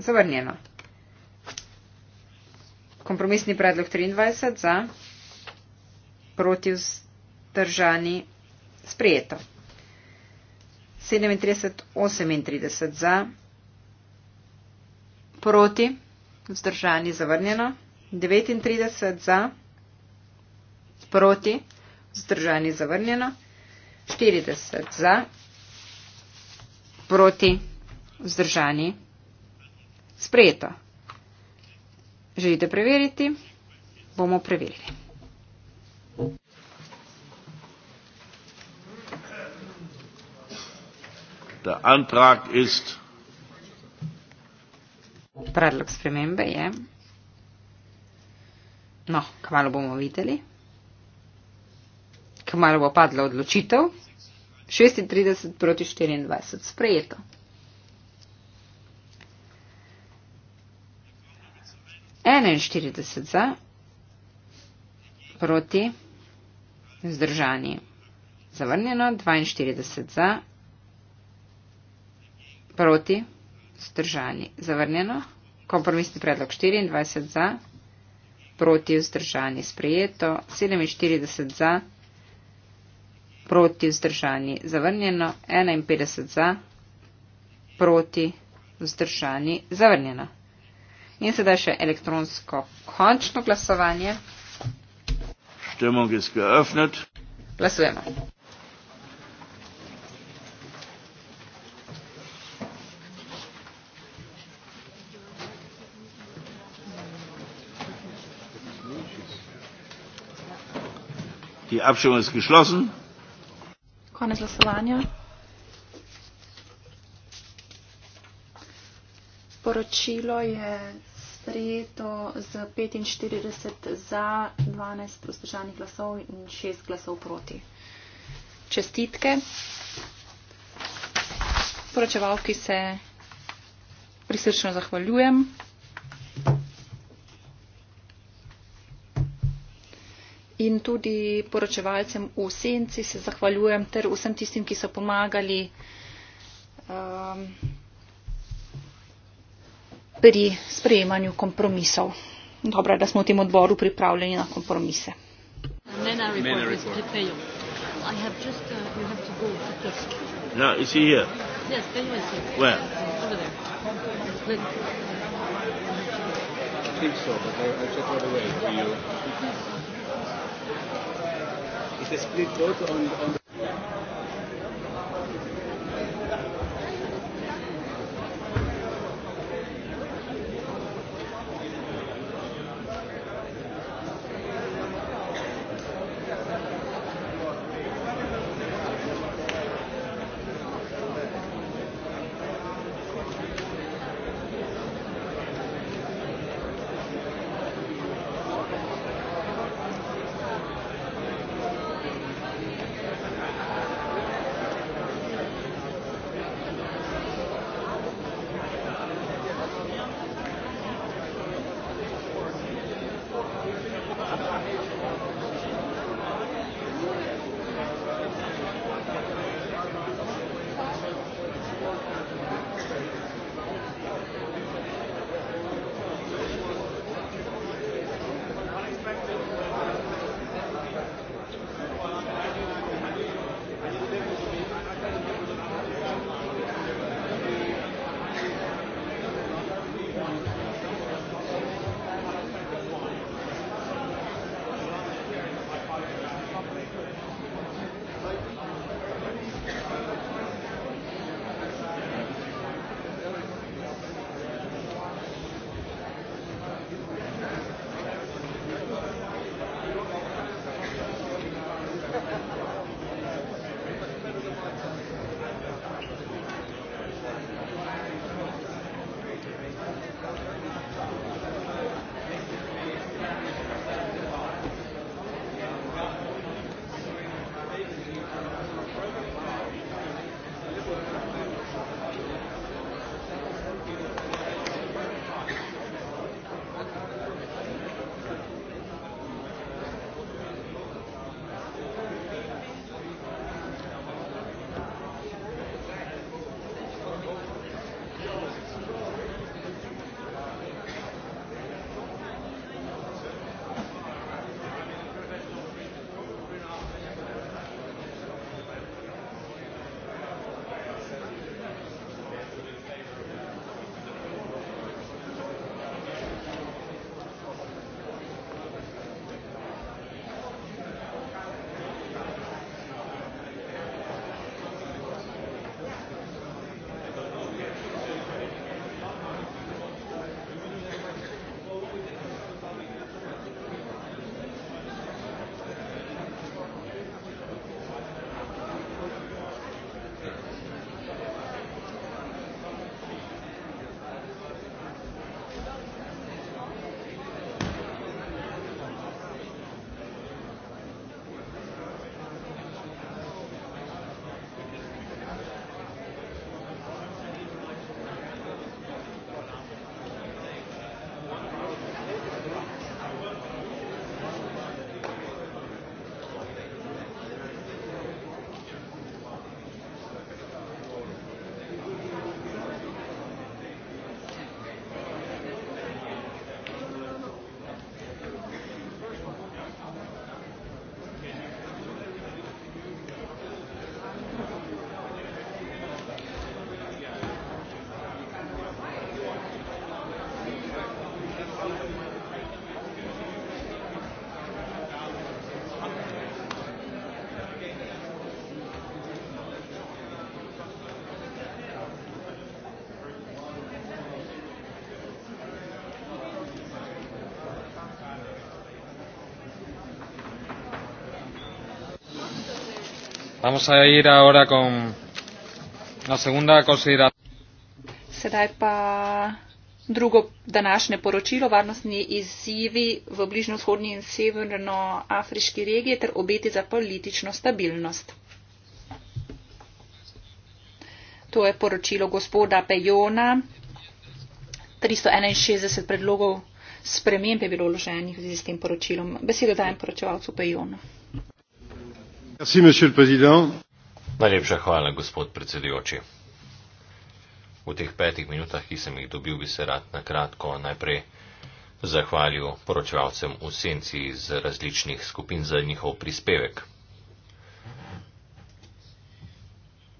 zavrnjeno. Kompromisni predlog 23 za, proti, vzdržani, sprejeto. 37, 38 za, proti, vzdržani, zavrnjeno. 39 za, proti, vzdržani, zavrnjeno. 40 za, Proti. Vzdržani. Sprejeto. Želite preveriti? Bomo preverili. Predlog spremembe je. No, kmalo bomo videli. Kmalo bo padla odločitev. 36 proti 24 sprejeto. Enainštirideset za proti vzdržani zavrnjeno, dvainštirideset za proti vzdržani zavrnjeno, kompromisni predlog štiriindvajset za proti vzdržani sprejeto, sedeminštirideset za proti vzdržani zavrnjeno proti vzdržani, zavrnjeno, 51 za, proti vzdržani, zavrnjeno. In sedaj še elektronsko končno glasovanje. Stimmung ist geöffnet. Glasujemo. Die Abstimmung ist geschlossen. Konec glasovanja. Poročilo je sprejeto z 45 za, 12 vzdržanih glasov in 6 glasov proti. Čestitke. Poročevalki se prisrčno zahvaljujem. in tudi poročevalcem v senci se zahvaljujem ter vsem tistim, ki so pomagali um, pri sprejemanju kompromisov. Dobro, da smo v tem odboru pripravljeni na kompromise. I think so, but I'll check right away for you ist der split vote on, on the Vamos a ir ahora con la segunda consideración. Sedaj pa drugo današnje poročilo, varnostni izzivi v bližnjo-vzhodnji in severno-afriški regiji ter obeti za politično stabilnost. To je poročilo gospoda Pejona. 361 predlogov sprememb je bilo vloženih z tem poročilom. Besedo dajem poročevalcu Pejonu. Najlepša hvala, gospod predsedujoči. V teh petih minutah, ki sem jih dobil, bi se rad na kratko najprej zahvalil poročevalcem v senci iz različnih skupin za njihov prispevek.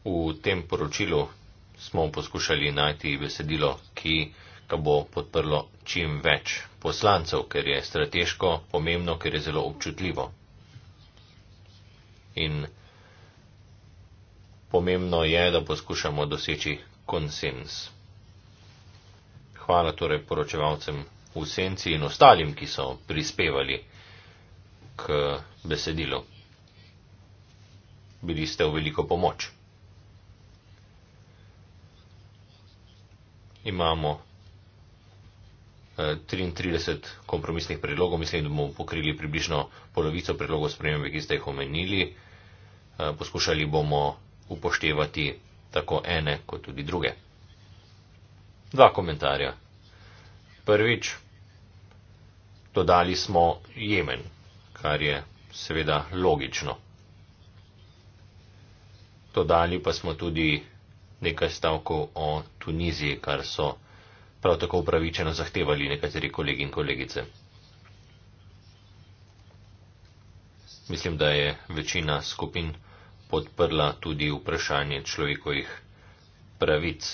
V tem poročilu smo poskušali najti besedilo, ki ga bo podprlo čim več poslancev, ker je strateško pomembno, ker je zelo občutljivo in pomembno je, da poskušamo doseči konsens. Hvala torej poročevalcem v senci in ostalim, ki so prispevali k besedilu. Bili ste v veliko pomoč. Imamo 33 eh, kompromisnih predlogov, mislim, da bomo pokrili približno polovico predlogov spremembe, ki ste jih omenili. Eh, poskušali bomo upoštevati tako ene kot tudi druge. Dva komentarja. Prvič, dodali smo Jemen, kar je seveda logično. Dodali pa smo tudi nekaj stavkov o Tuniziji, kar so prav tako upravičeno zahtevali nekateri kolegi in kolegice. Mislim, da je večina skupin podprla tudi vprašanje človekovih pravic.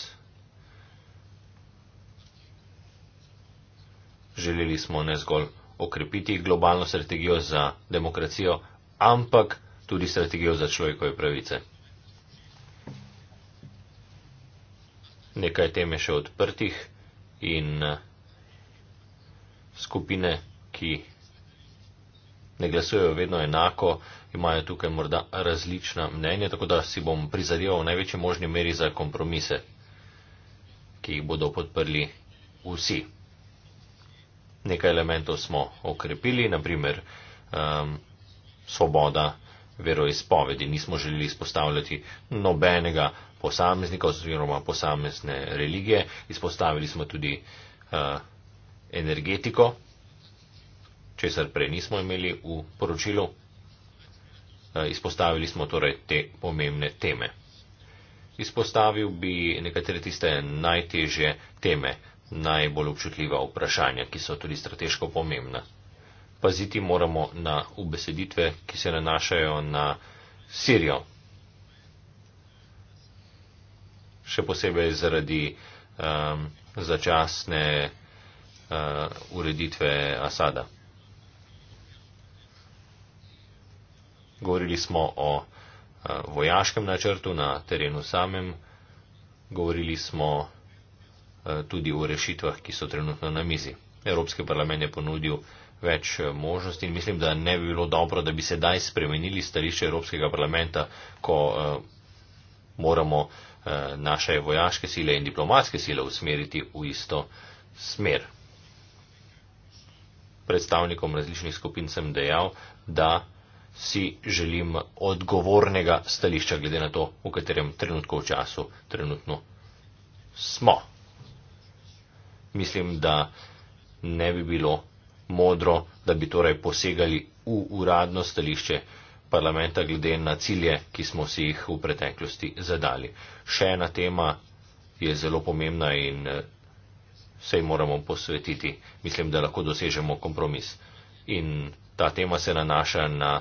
Želeli smo ne zgolj okrepiti globalno strategijo za demokracijo, ampak tudi strategijo za človekove pravice. Nekaj teme še odprtih in skupine, ki ne glasujejo vedno enako, imajo tukaj morda različna mnenja, tako da si bom prizadeval v največji možni meri za kompromise, ki jih bodo podprli vsi. Nekaj elementov smo okrepili, naprimer um, svoboda veroizpovedi. Nismo želeli izpostavljati nobenega posameznika oziroma posamezne religije. Izpostavili smo tudi uh, energetiko, česar prej nismo imeli v poročilu. Eh, izpostavili smo torej te pomembne teme. Izpostavil bi nekatere tiste najtežje teme, najbolj občutljiva vprašanja, ki so tudi strateško pomembna. Paziti moramo na ubeseditve, ki se nanašajo na Sirijo. Še posebej zaradi um, začasne uh, ureditve Asada. govorili smo o eh, vojaškem načrtu na terenu samem, govorili smo eh, tudi o rešitvah, ki so trenutno na mizi. Evropski parlament je ponudil eh, več možnosti in mislim, da ne bi bilo dobro, da bi sedaj spremenili stališče Evropskega parlamenta, ko moramo naše vojaške sile in diplomatske sile usmeriti v isto smer. Predstavnikom različnih skupin sem dejal, da si želim odgovornega stališča glede na to, v katerem trenutku v času trenutno smo. Mislim, da ne bi bilo modro, da bi torej posegali v uradno stališče parlamenta glede na cilje, ki smo si jih v preteklosti zadali. Še ena tema je zelo pomembna in eh, se jim moramo posvetiti. Mislim, da lahko dosežemo kompromis. In ta tema se nanaša na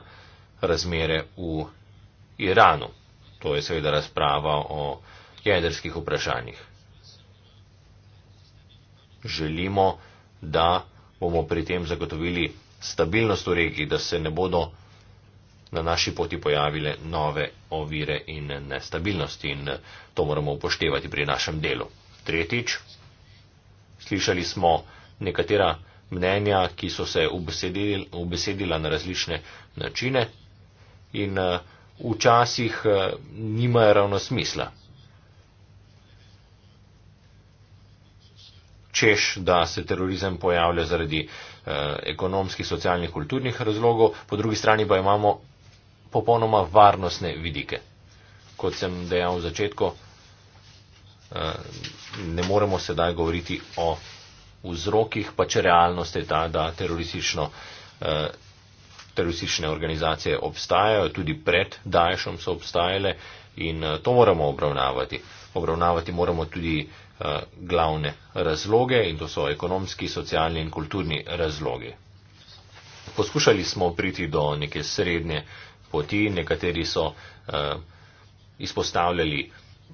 razmere v Iranu. To je seveda razprava o jedrskih vprašanjih. Želimo, da bomo pri tem zagotovili stabilnost v regiji, da se ne bodo na naši poti pojavile nove ovire in nestabilnosti in to moramo upoštevati pri našem delu. Tretjič, slišali smo nekatera mnenja, ki so se ubesedila na različne načine in eh, včasih eh, nimajo ravno smisla. Češ, da se terorizem pojavlja zaradi eh, ekonomskih, socialnih, kulturnih razlogov, po drugi strani pa imamo popolnoma varnostne vidike. Kot sem dejal v začetku, eh, ne moremo sedaj govoriti o vzrokih, pač realnost je ta, da teroristično eh, teroristične organizacije obstajajo, tudi pred Daješom so obstajale in eh, to moramo obravnavati. Obravnavati moramo tudi eh, glavne razloge in to so ekonomski, socialni in kulturni razloge. Poskušali smo priti do neke srednje poti, nekateri so eh, izpostavljali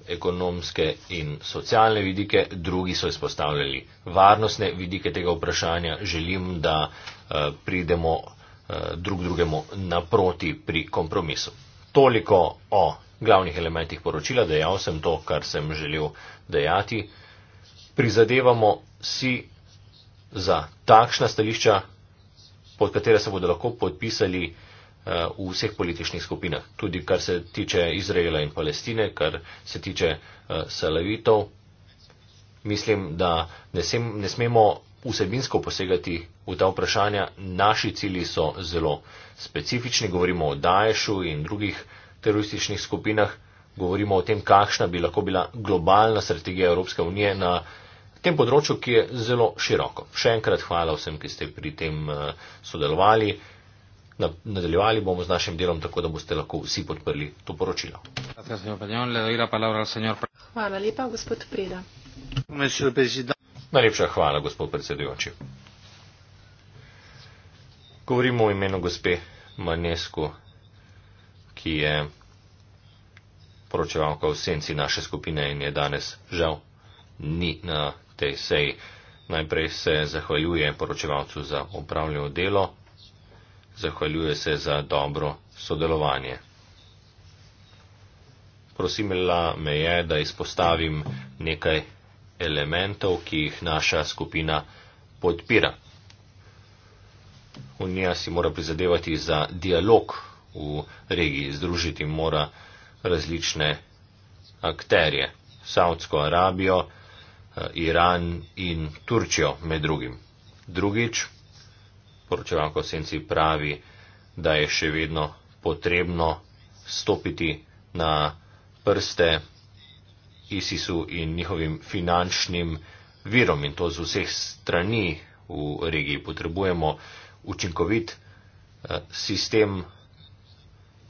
ekonomske in socialne vidike, drugi so izpostavljali varnostne vidike tega vprašanja. Želim, da pridemo Eh, drug drugemu naproti pri kompromisu. Toliko o glavnih elementih poročila, dejal sem to, kar sem želel dejati. Prizadevamo si za takšna stališča, pod katera se bodo lahko podpisali eh, v vseh političnih skupinah, tudi kar se tiče Izraela in Palestine, kar se tiče eh, Salavitov. Mislim, da ne, sem, ne smemo vsebinsko posegati v ta vprašanja. Naši cili so zelo specifični, govorimo o Daješu in drugih terorističnih skupinah, govorimo o tem, kakšna bi lahko bila globalna strategija Evropske unije na tem področju, ki je zelo široko. Še enkrat hvala vsem, ki ste pri tem eh, sodelovali. Nadaljevali bomo z našim delom, tako da boste lahko vsi podprli to poročilo. Hvala lepa, gospod Preda. Najlepša hvala, gospod predsedujoči. Govorimo o imenu gospe Manesku, ki je poročevalka v senci naše skupine in je danes žal ni na tej seji. Najprej se zahvaljuje poročevalcu za opravljeno delo, zahvaljuje se za dobro sodelovanje. Prosimila me je, da izpostavim nekaj elementov, ki jih naša skupina podpira. Unija si mora prizadevati za dialog v regiji, združiti mora različne akterje, Saudsko Arabijo, eh, Iran in Turčijo med drugim. Drugič, poročevalko Senci pravi, da je še vedno potrebno stopiti na prste ISIS-u in njihovim finančnim virom in to z vseh strani v regiji. Potrebujemo učinkovit eh, sistem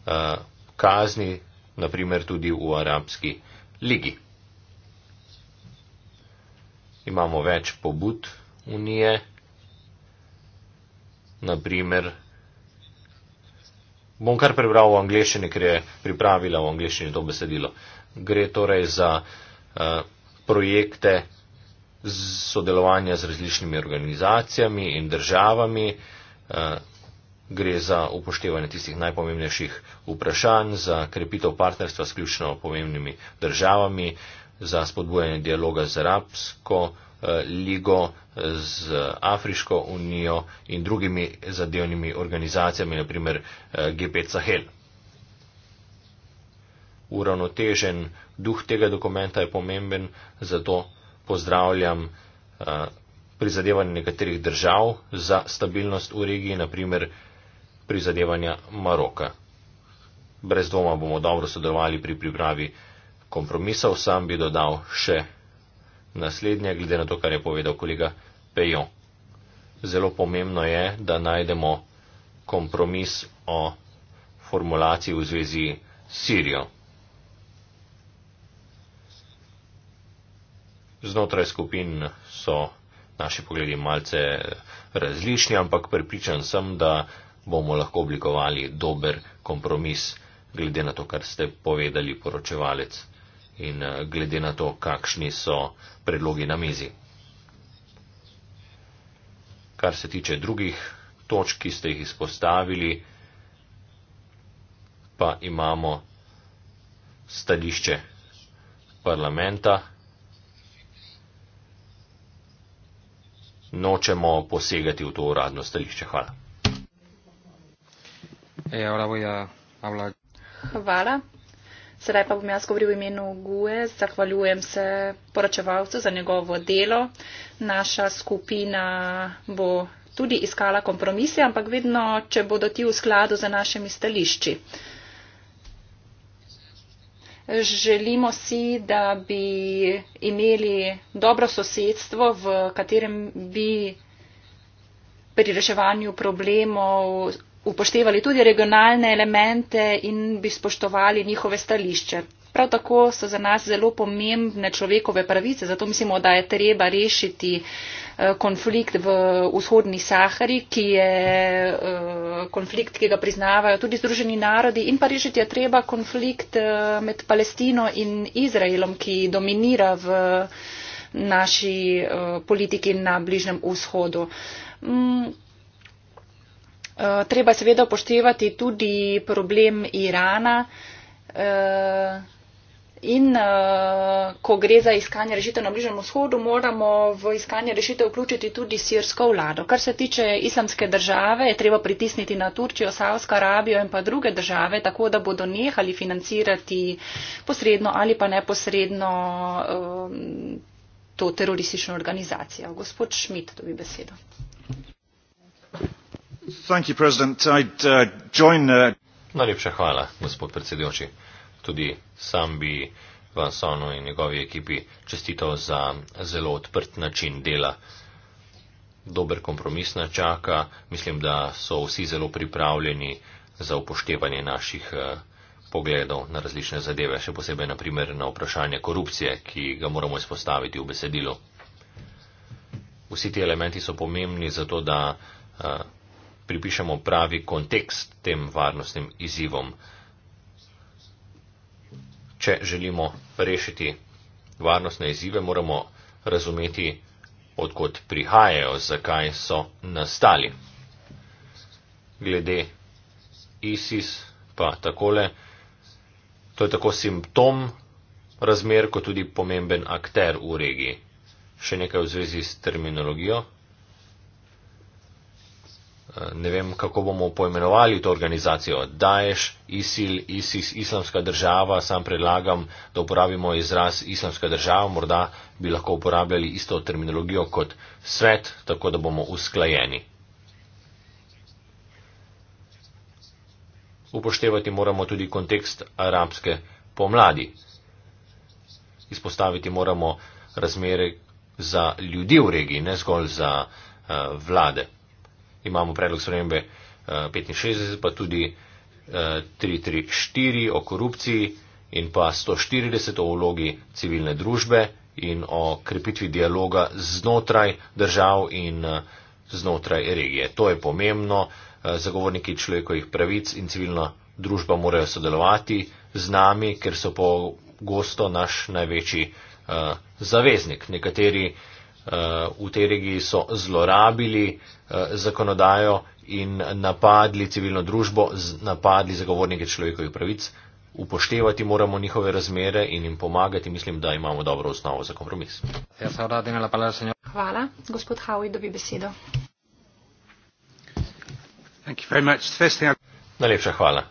eh, kazni, naprimer tudi v Arabski ligi. Imamo več pobud unije, naprimer. Bom kar prebral v angliščini, ker je pripravila v angliščini to besedilo gre torej za eh, projekte sodelovanja z različnimi organizacijami in državami, eh, gre za upoštevanje tistih najpomembnejših vprašanj, za krepitev partnerstva s ključno pomembnimi državami, za spodbujanje dialoga z Arabsko eh, ligo, z Afriško unijo in drugimi zadevnimi organizacijami, naprimer GP Sahel uravnotežen duh tega dokumenta je pomemben, zato pozdravljam eh, prizadevanje nekaterih držav za stabilnost v regiji, naprimer prizadevanja Maroka. Brez dvoma bomo dobro sodelovali pri pripravi kompromisov, sam bi dodal še naslednje, glede na to, kar je povedal kolega Pejo. Zelo pomembno je, da najdemo kompromis o formulaciji v zvezi s Sirijo. znotraj skupin so naši pogledi malce različni, ampak prepričan sem, da bomo lahko oblikovali dober kompromis glede na to, kar ste povedali, poročevalec, in eh, glede na to, kakšni so predlogi na mizi. Kar se tiče drugih točk, ki ste jih izpostavili, pa imamo stališče parlamenta, nočemo posegati v to uradno stališče. Hvala. E, Hvala. Sedaj pa bom jaz govoril v imenu Gue. Zahvaljujem se poročevalcu za njegovo delo. Naša skupina bo tudi iskala kompromise, ampak vedno, če bodo ti v skladu z našimi stališči želimo si, da bi imeli dobro sosedstvo, v katerem bi pri reševanju problemov upoštevali tudi regionalne elemente in bi spoštovali njihove stališče. Prav tako so za nas zelo pomembne človekove pravice, zato mislimo, da je treba rešiti uh, Eh, konflikt v vzhodni Sahari, ki je eh, konflikt, ki ga priznavajo tudi Združeni narodi in pa rešiti je treba konflikt eh, med Palestino in Izraelom, ki dominira v naši politiki na Bližnem vzhodu. Mm, treba seveda upoštevati tudi problem Irana. In uh, ko gre za iskanje rešitev na Bližnem vzhodu, moramo v iskanje rešitev vključiti tudi sirsko vlado. Kar se tiče islamske države, je treba pritisniti na Turčijo, Savsko Arabijo in pa druge države, tako da bodo nehali financirati posredno ali pa neposredno um, to teroristično organizacijo. Gospod Šmit, dobi besedo. You, uh, join, uh... Najlepša hvala, gospod predsedujoči tudi sam bi Vansonu in njegovi ekipi čestital za zelo odprt način dela. Dober kompromis na čaka, mislim, da so vsi zelo pripravljeni za upoštevanje naših eh, pogledov na različne zadeve, še posebej na primer na vprašanje korupcije, ki ga moramo izpostaviti v besedilu. Vsi ti elementi so pomembni zato, da eh, pripišemo pravi kontekst tem varnostnim izzivom če želimo rešiti varnostne izzive, moramo razumeti, odkot prihajajo, zakaj so nastali. Glede ISIS pa takole, to je tako simptom razmer, kot tudi pomemben akter v regiji. Še nekaj v zvezi s terminologijo ne vem, kako bomo poimenovali to organizacijo. Daješ, ISIL, ISIS, islamska država, sam predlagam, da uporabimo izraz islamska država, morda bi lahko uporabljali isto terminologijo kot svet, tako da bomo usklajeni. Upoštevati moramo tudi kontekst arabske pomladi. Izpostaviti moramo razmere za ljudi v regiji, ne zgolj za uh, vlade imamo predlog spremembe 65, eh, pa tudi 334 eh, o korupciji in pa 140 o vlogi civilne družbe in o krepitvi dialoga znotraj držav in eh, znotraj regije. To je pomembno, zagovorniki človekovih pravic in civilna družba morajo sodelovati z nami, ker so pogosto naš največji uh, zaveznik. Nekateri uh, v tej regiji so zlorabili eh, zakonodajo in napadli civilno družbo, napadli zagovornike človekovih pravic. Upoštevati moramo njihove razmere in jim pomagati. Mislim, da imamo dobro osnovo za kompromis. Hvala. Gospod Howey dobi besedo. Najlepša hvala.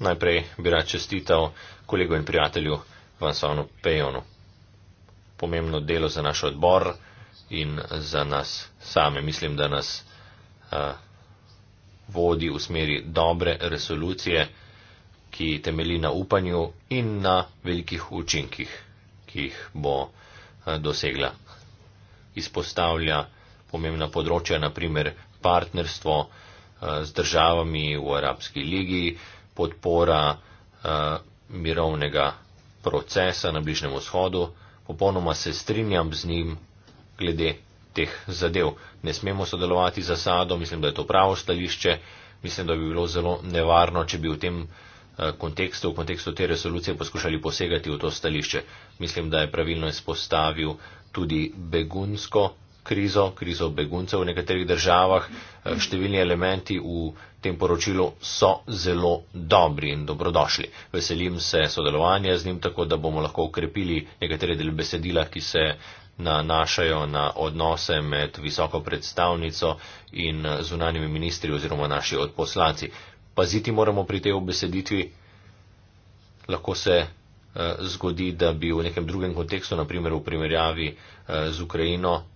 Najprej bi rad čestital kolegu in prijatelju Vansovnu Pejonu pomembno delo za naš odbor in za nas same. Mislim, da nas uh, vodi v smeri dobre resolucije, ki temeli na upanju in na velikih učinkih, ki jih bo uh, dosegla. Izpostavlja pomembna področja, naprimer partnerstvo uh, z državami v Arabski ligi, podpora uh, mirovnega procesa na Bližnem vzhodu, popolnoma se strinjam z njim glede teh zadev. Ne smemo sodelovati z zasado, mislim, da je to pravo stališče, mislim, da bi bilo zelo nevarno, če bi v tem eh, kontekstu, v kontekstu te resolucije poskušali posegati v to stališče. Mislim, da je pravilno izpostavil tudi begunsko krizo, krizo beguncev v nekaterih državah. Eh, številni elementi v tem poročilu so zelo dobri in dobrodošli. Veselim se sodelovanja z njim, tako da bomo lahko ukrepili nekatere del besedila, ki se nanašajo na odnose med visoko predstavnico in eh, zunanjimi ministri oziroma naši odposlanci. Paziti moramo pri tej obeseditvi. Lahko se eh, zgodi, da bi v nekem drugem kontekstu, naprimer v primerjavi z Ukrajino,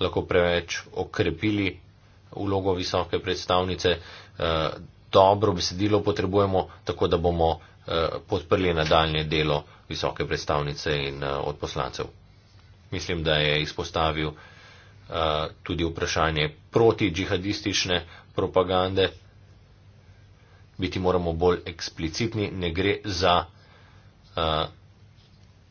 lahko preveč okrepili vlogo visoke predstavnice. Eh, dobro besedilo potrebujemo, tako da bomo eh, podprli nadaljne delo visoke predstavnice in eh, od poslancev. Mislim, da je izpostavil tudi vprašanje proti džihadistične propagande. Biti moramo bolj eksplicitni, ne gre za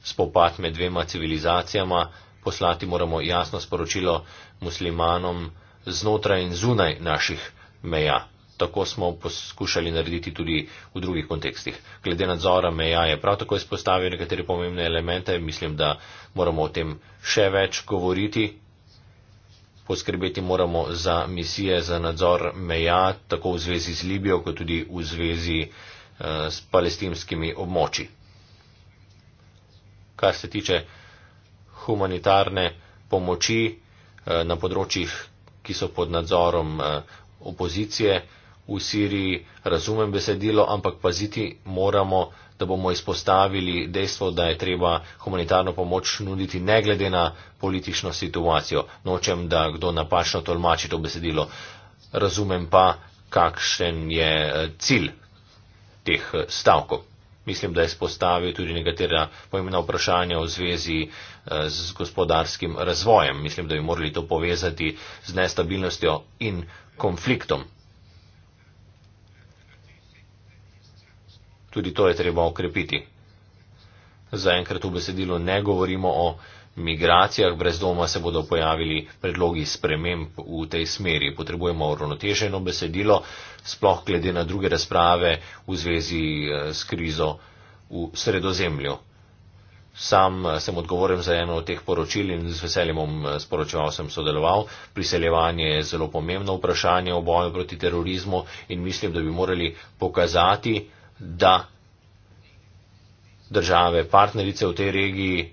spopad med dvema civilizacijama, poslati moramo jasno sporočilo muslimanom znotraj in zunaj naših meja. Tako smo poskušali narediti tudi v drugih kontekstih. Glede nadzora meja je prav tako izpostavil nekatere pomembne elemente. Mislim, da moramo o tem še več govoriti. Poskrbeti moramo za misije za nadzor meja, tako v zvezi z Libijo, kot tudi v zvezi eh, s palestinskimi območji. Kar se tiče humanitarne pomoči eh, na področjih, ki so pod nadzorom eh, opozicije v Siriji. Razumem besedilo, ampak paziti moramo, da bomo izpostavili dejstvo, da je treba humanitarno pomoč nuditi ne glede na politično situacijo. Nočem, da kdo napačno tolmači to besedilo. Razumem pa, kakšen je eh, cilj teh stavkov. Mislim, da je spostavil tudi nekatera pojemna vprašanja v zvezi eh, z gospodarskim razvojem. Mislim, da bi morali to povezati z nestabilnostjo in konfliktom. Tudi to je treba okrepiti. Zaenkrat v besedilu ne govorimo o migracijah brezdoma se bodo pojavili predlogi sprememb v tej smeri. Potrebujemo uravnoteženo besedilo, sploh glede na druge razprave v zvezi eh, s krizo v sredozemlju. Sam eh, sem odgovoren za eno od teh poročil in z veseljem bom eh, sporočeval, sem sodeloval. Priseljevanje je zelo pomembno vprašanje o boju proti terorizmu in mislim, da bi morali pokazati, da države, partnerice v tej regiji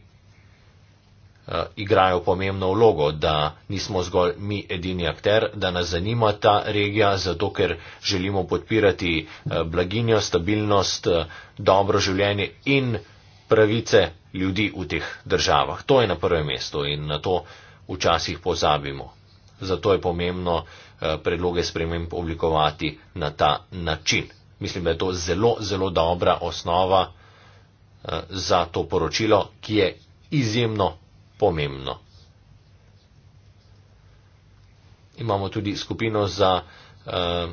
Eh, igrajo pomembno vlogo, da nismo zgolj mi edini akter, da nas zanima ta regija, zato ker želimo podpirati eh, blaginjo, stabilnost, eh, dobro življenje in pravice ljudi v teh državah. To je na prvem mestu in na to včasih pozabimo. Zato je pomembno predloge sprememb oblikovati na ta način. Mislim, da je to zelo, zelo dobra osnova za to poročilo, ki je izjemno pomembno. Imamo tudi skupino za uh,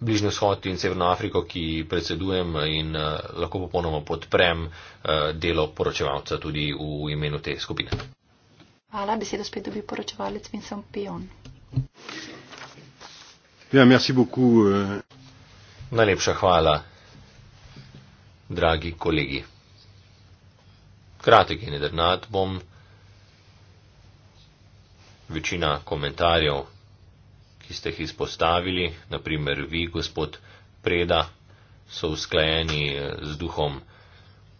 Bližnji vzhod in Severno Afriko, ki predsedujem in uh, lahko popolnoma podprem uh, delo poročevalca tudi v imenu te skupine. Hvala, besedo spet dobi poročevalec Vincent Pion. Ja, merci beaucoup. Euh. Najlepša hvala, dragi kolegi kratek in jedrnat bom. Večina komentarjev, ki ste jih izpostavili, naprimer vi, gospod Preda, so usklajeni eh, z duhom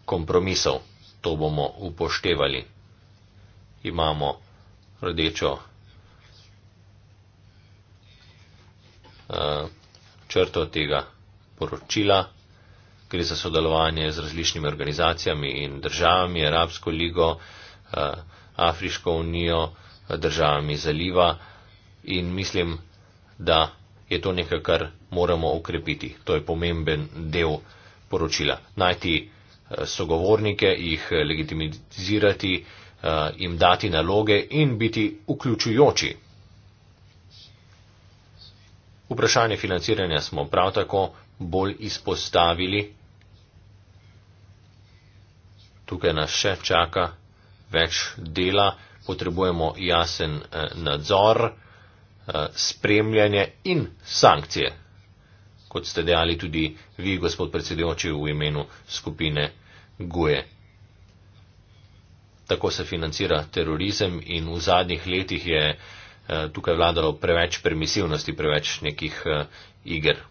kompromisov. To bomo upoštevali. Imamo rdečo eh, črto tega poročila gre za sodelovanje z različnimi organizacijami in državami, Arabsko ligo, eh, Afriško unijo, eh, državami zaliva in mislim, da je to nekaj, kar moramo ukrepiti. To je pomemben del poročila. Najti eh, sogovornike, jih legitimizirati, jim dati naloge in biti vključujoči. Vprašanje financiranja smo prav tako bolj izpostavili tukaj nas še čaka več dela, potrebujemo jasen eh, nadzor, eh, spremljanje in sankcije, kot ste dejali tudi vi, gospod predsedujoči, v imenu skupine Guje. Tako se financira terorizem in v zadnjih letih je eh, tukaj vladalo preveč permisivnosti, preveč nekih iger.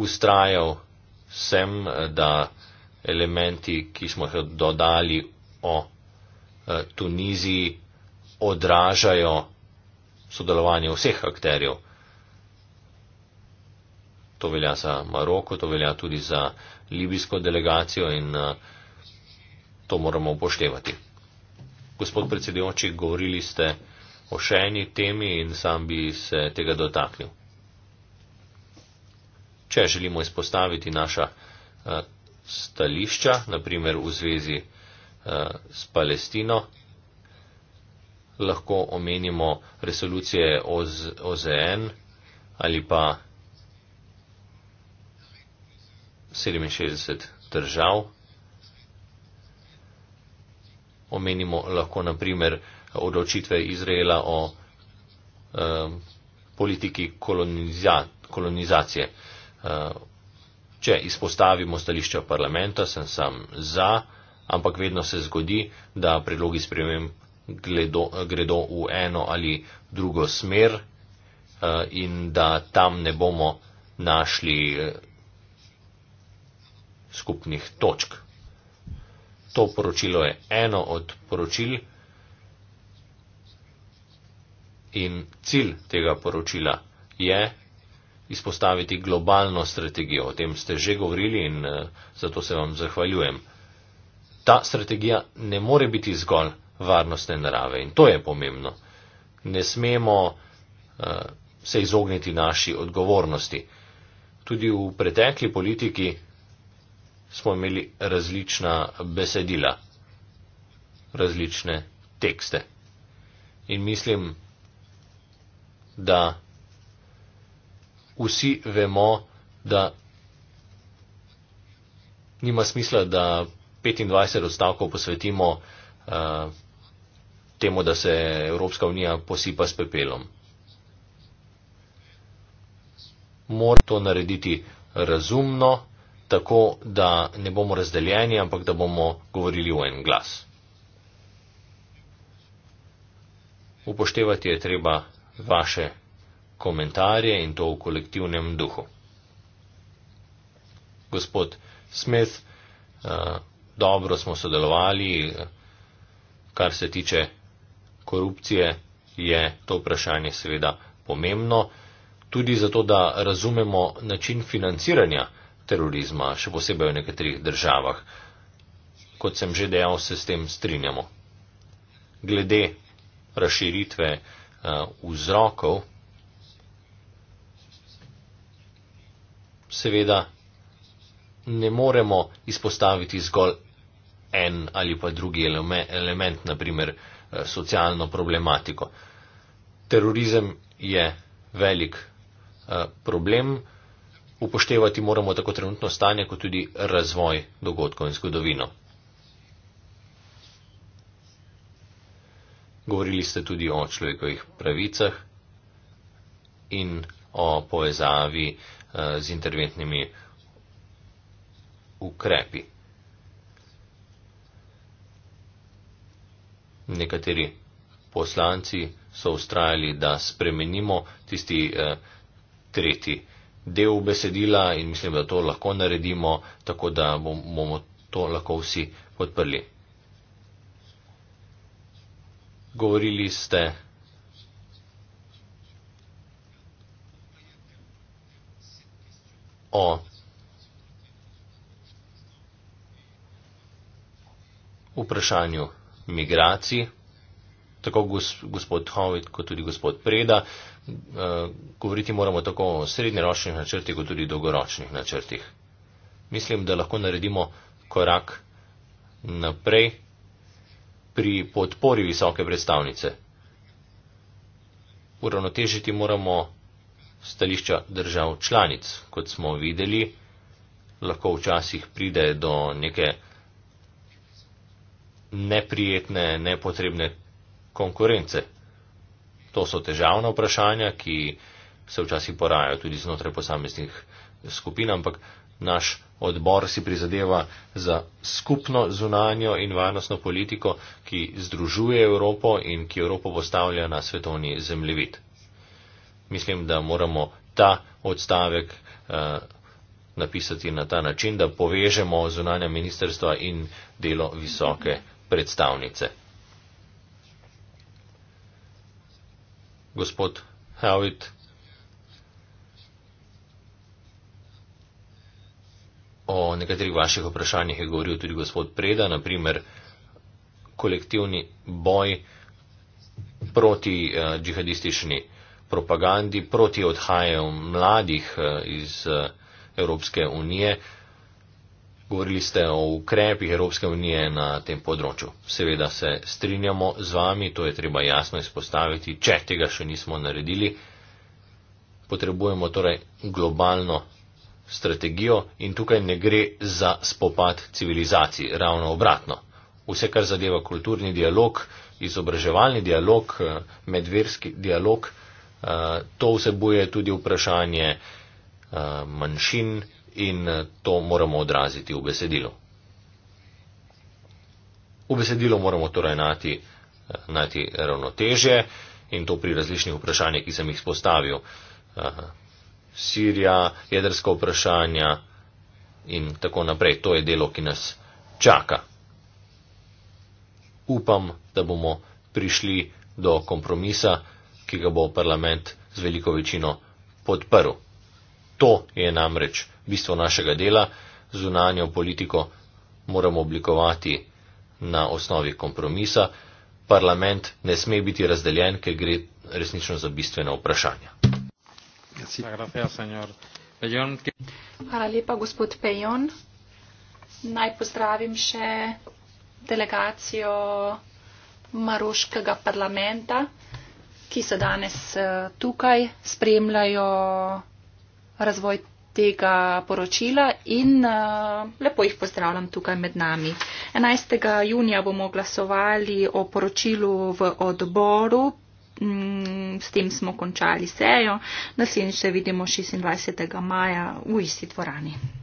Ustrajal sem, da elementi, ki smo jih dodali o eh, Tuniziji, odražajo sodelovanje vseh akterjev. To velja za Maroko, to velja tudi za libijsko delegacijo in eh, to moramo upoštevati. Gospod predsedujoči, govorili ste o še eni temi in sam bi se tega dotaknil če želimo izpostaviti naša eh, stališča, naprimer v zvezi eh, s Palestino, lahko omenimo resolucije OZN ali pa 67 držav. Omenimo lahko naprimer odločitve Izraela o eh, politiki koloniza, kolonizacije. Eh, Eh, če izpostavimo stališča parlamenta, sem sam za, ampak vedno se zgodi, da predlogi sprememb gledo, gredo v eno ali drugo smer eh, in da tam ne bomo našli eh, skupnih točk. To poročilo je eno od poročil in cilj tega poročila je, izpostaviti globalno strategijo. O tem ste že govorili in eh, zato se vam zahvaljujem. Ta strategija ne more biti zgolj varnostne narave in to je pomembno. Ne smemo uh, se izogniti naši odgovornosti. Tudi v pretekli politiki smo imeli različna besedila, različne tekste. In mislim, da vsi vemo, da nima smisla, da 25 odstavkov posvetimo uh, temu, da se Evropska unija posipa s pepelom. Mora to narediti razumno, tako da ne bomo razdeljeni, ampak da bomo govorili v en glas. Upoštevati je treba vaše komentarje in to v kolektivnem duhu. Gospod Smith, eh, dobro smo sodelovali, kar se tiče korupcije, je to vprašanje seveda pomembno, tudi zato, da razumemo način financiranja terorizma, še posebej v nekaterih državah. Kot sem že dejal, se s tem strinjamo. Glede razširitve uh, vzrokov seveda ne moremo izpostaviti zgolj en ali pa drugi element, naprimer eh, socialno problematiko. Terorizem je velik eh, problem, upoštevati moramo tako trenutno stanje, kot tudi razvoj dogodkov in zgodovino. Govorili ste tudi o človekovih pravicah in o povezavi uh, Eh, z interventnimi ukrepi. Nekateri poslanci so ustrajali, da spremenimo tisti eh, tretji del besedila in mislim, da to lahko naredimo, tako da bomo to lahko vsi podprli. Govorili ste, a vprašanju migracij, tako gospod Hovit, kot tudi gospod Preda. Eh, govoriti moramo tako o srednjeročnih načrtih, kot tudi dolgoročnih načrtih. Mislim, da lahko naredimo korak naprej pri podpori visoke predstavnice. Uravnotežiti moramo stališča držav članic. Kot smo videli, lahko včasih pride do neke neprijetne, nepotrebne konkurence. To so težavna vprašanja, ki se včasih porajajo tudi znotraj posameznih skupin, ampak naš odbor si prizadeva za skupno zunanjo in varnostno politiko, ki združuje Evropo in ki Evropo postavlja na svetovni zemljevid. Mislim, da moramo ta odstavek eh, napisati na ta način, da povežemo zunanja ministerstva in delo visoke predstavnice. Gospod Havit. O nekaterih vaših vprašanjih je govoril tudi gospod Preda, naprimer kolektivni boj proti eh, džihadistični propagandi proti odhajanju mladih eh, iz eh, Evropske unije. Govorili ste o ukrepih Evropske unije na tem področju. Seveda se strinjamo z vami, to je treba jasno izpostaviti, če tega še nismo naredili. Potrebujemo torej globalno strategijo in tukaj ne gre za spopad civilizacij, ravno obratno. Vse, kar zadeva kulturni dialog, izobraževalni dialog, eh, medverski dialog, Eh, to vsebuje tudi vprašanje eh, manjšin in eh, to moramo odraziti v besedilo. V besedilo moramo torej najti, najti ravnoteže in to pri različnih vprašanjih, ki sem jih spostavil. Sirija, jedrska vprašanja in tako naprej. To je delo, ki nas čaka. Upam, da bomo prišli do kompromisa ki ga bo parlament z veliko večino podprl. To je namreč bistvo našega dela, zunanjo politiko moramo oblikovati na osnovi kompromisa, parlament ne sme biti razdeljen, ker gre resnično za bistvene vprašanja. Hvala lepa, gospod Pejon. Naj pozdravim še delegacijo Maroškega parlamenta ki se danes eh, tukaj spremljajo razvoj tega poročila in eh, lepo jih pozdravljam tukaj med nami. 11. junija bomo glasovali o poročilu v odboru. Mm, s tem smo končali sejo. Naslednjič se vidimo 26. maja v isti dvorani.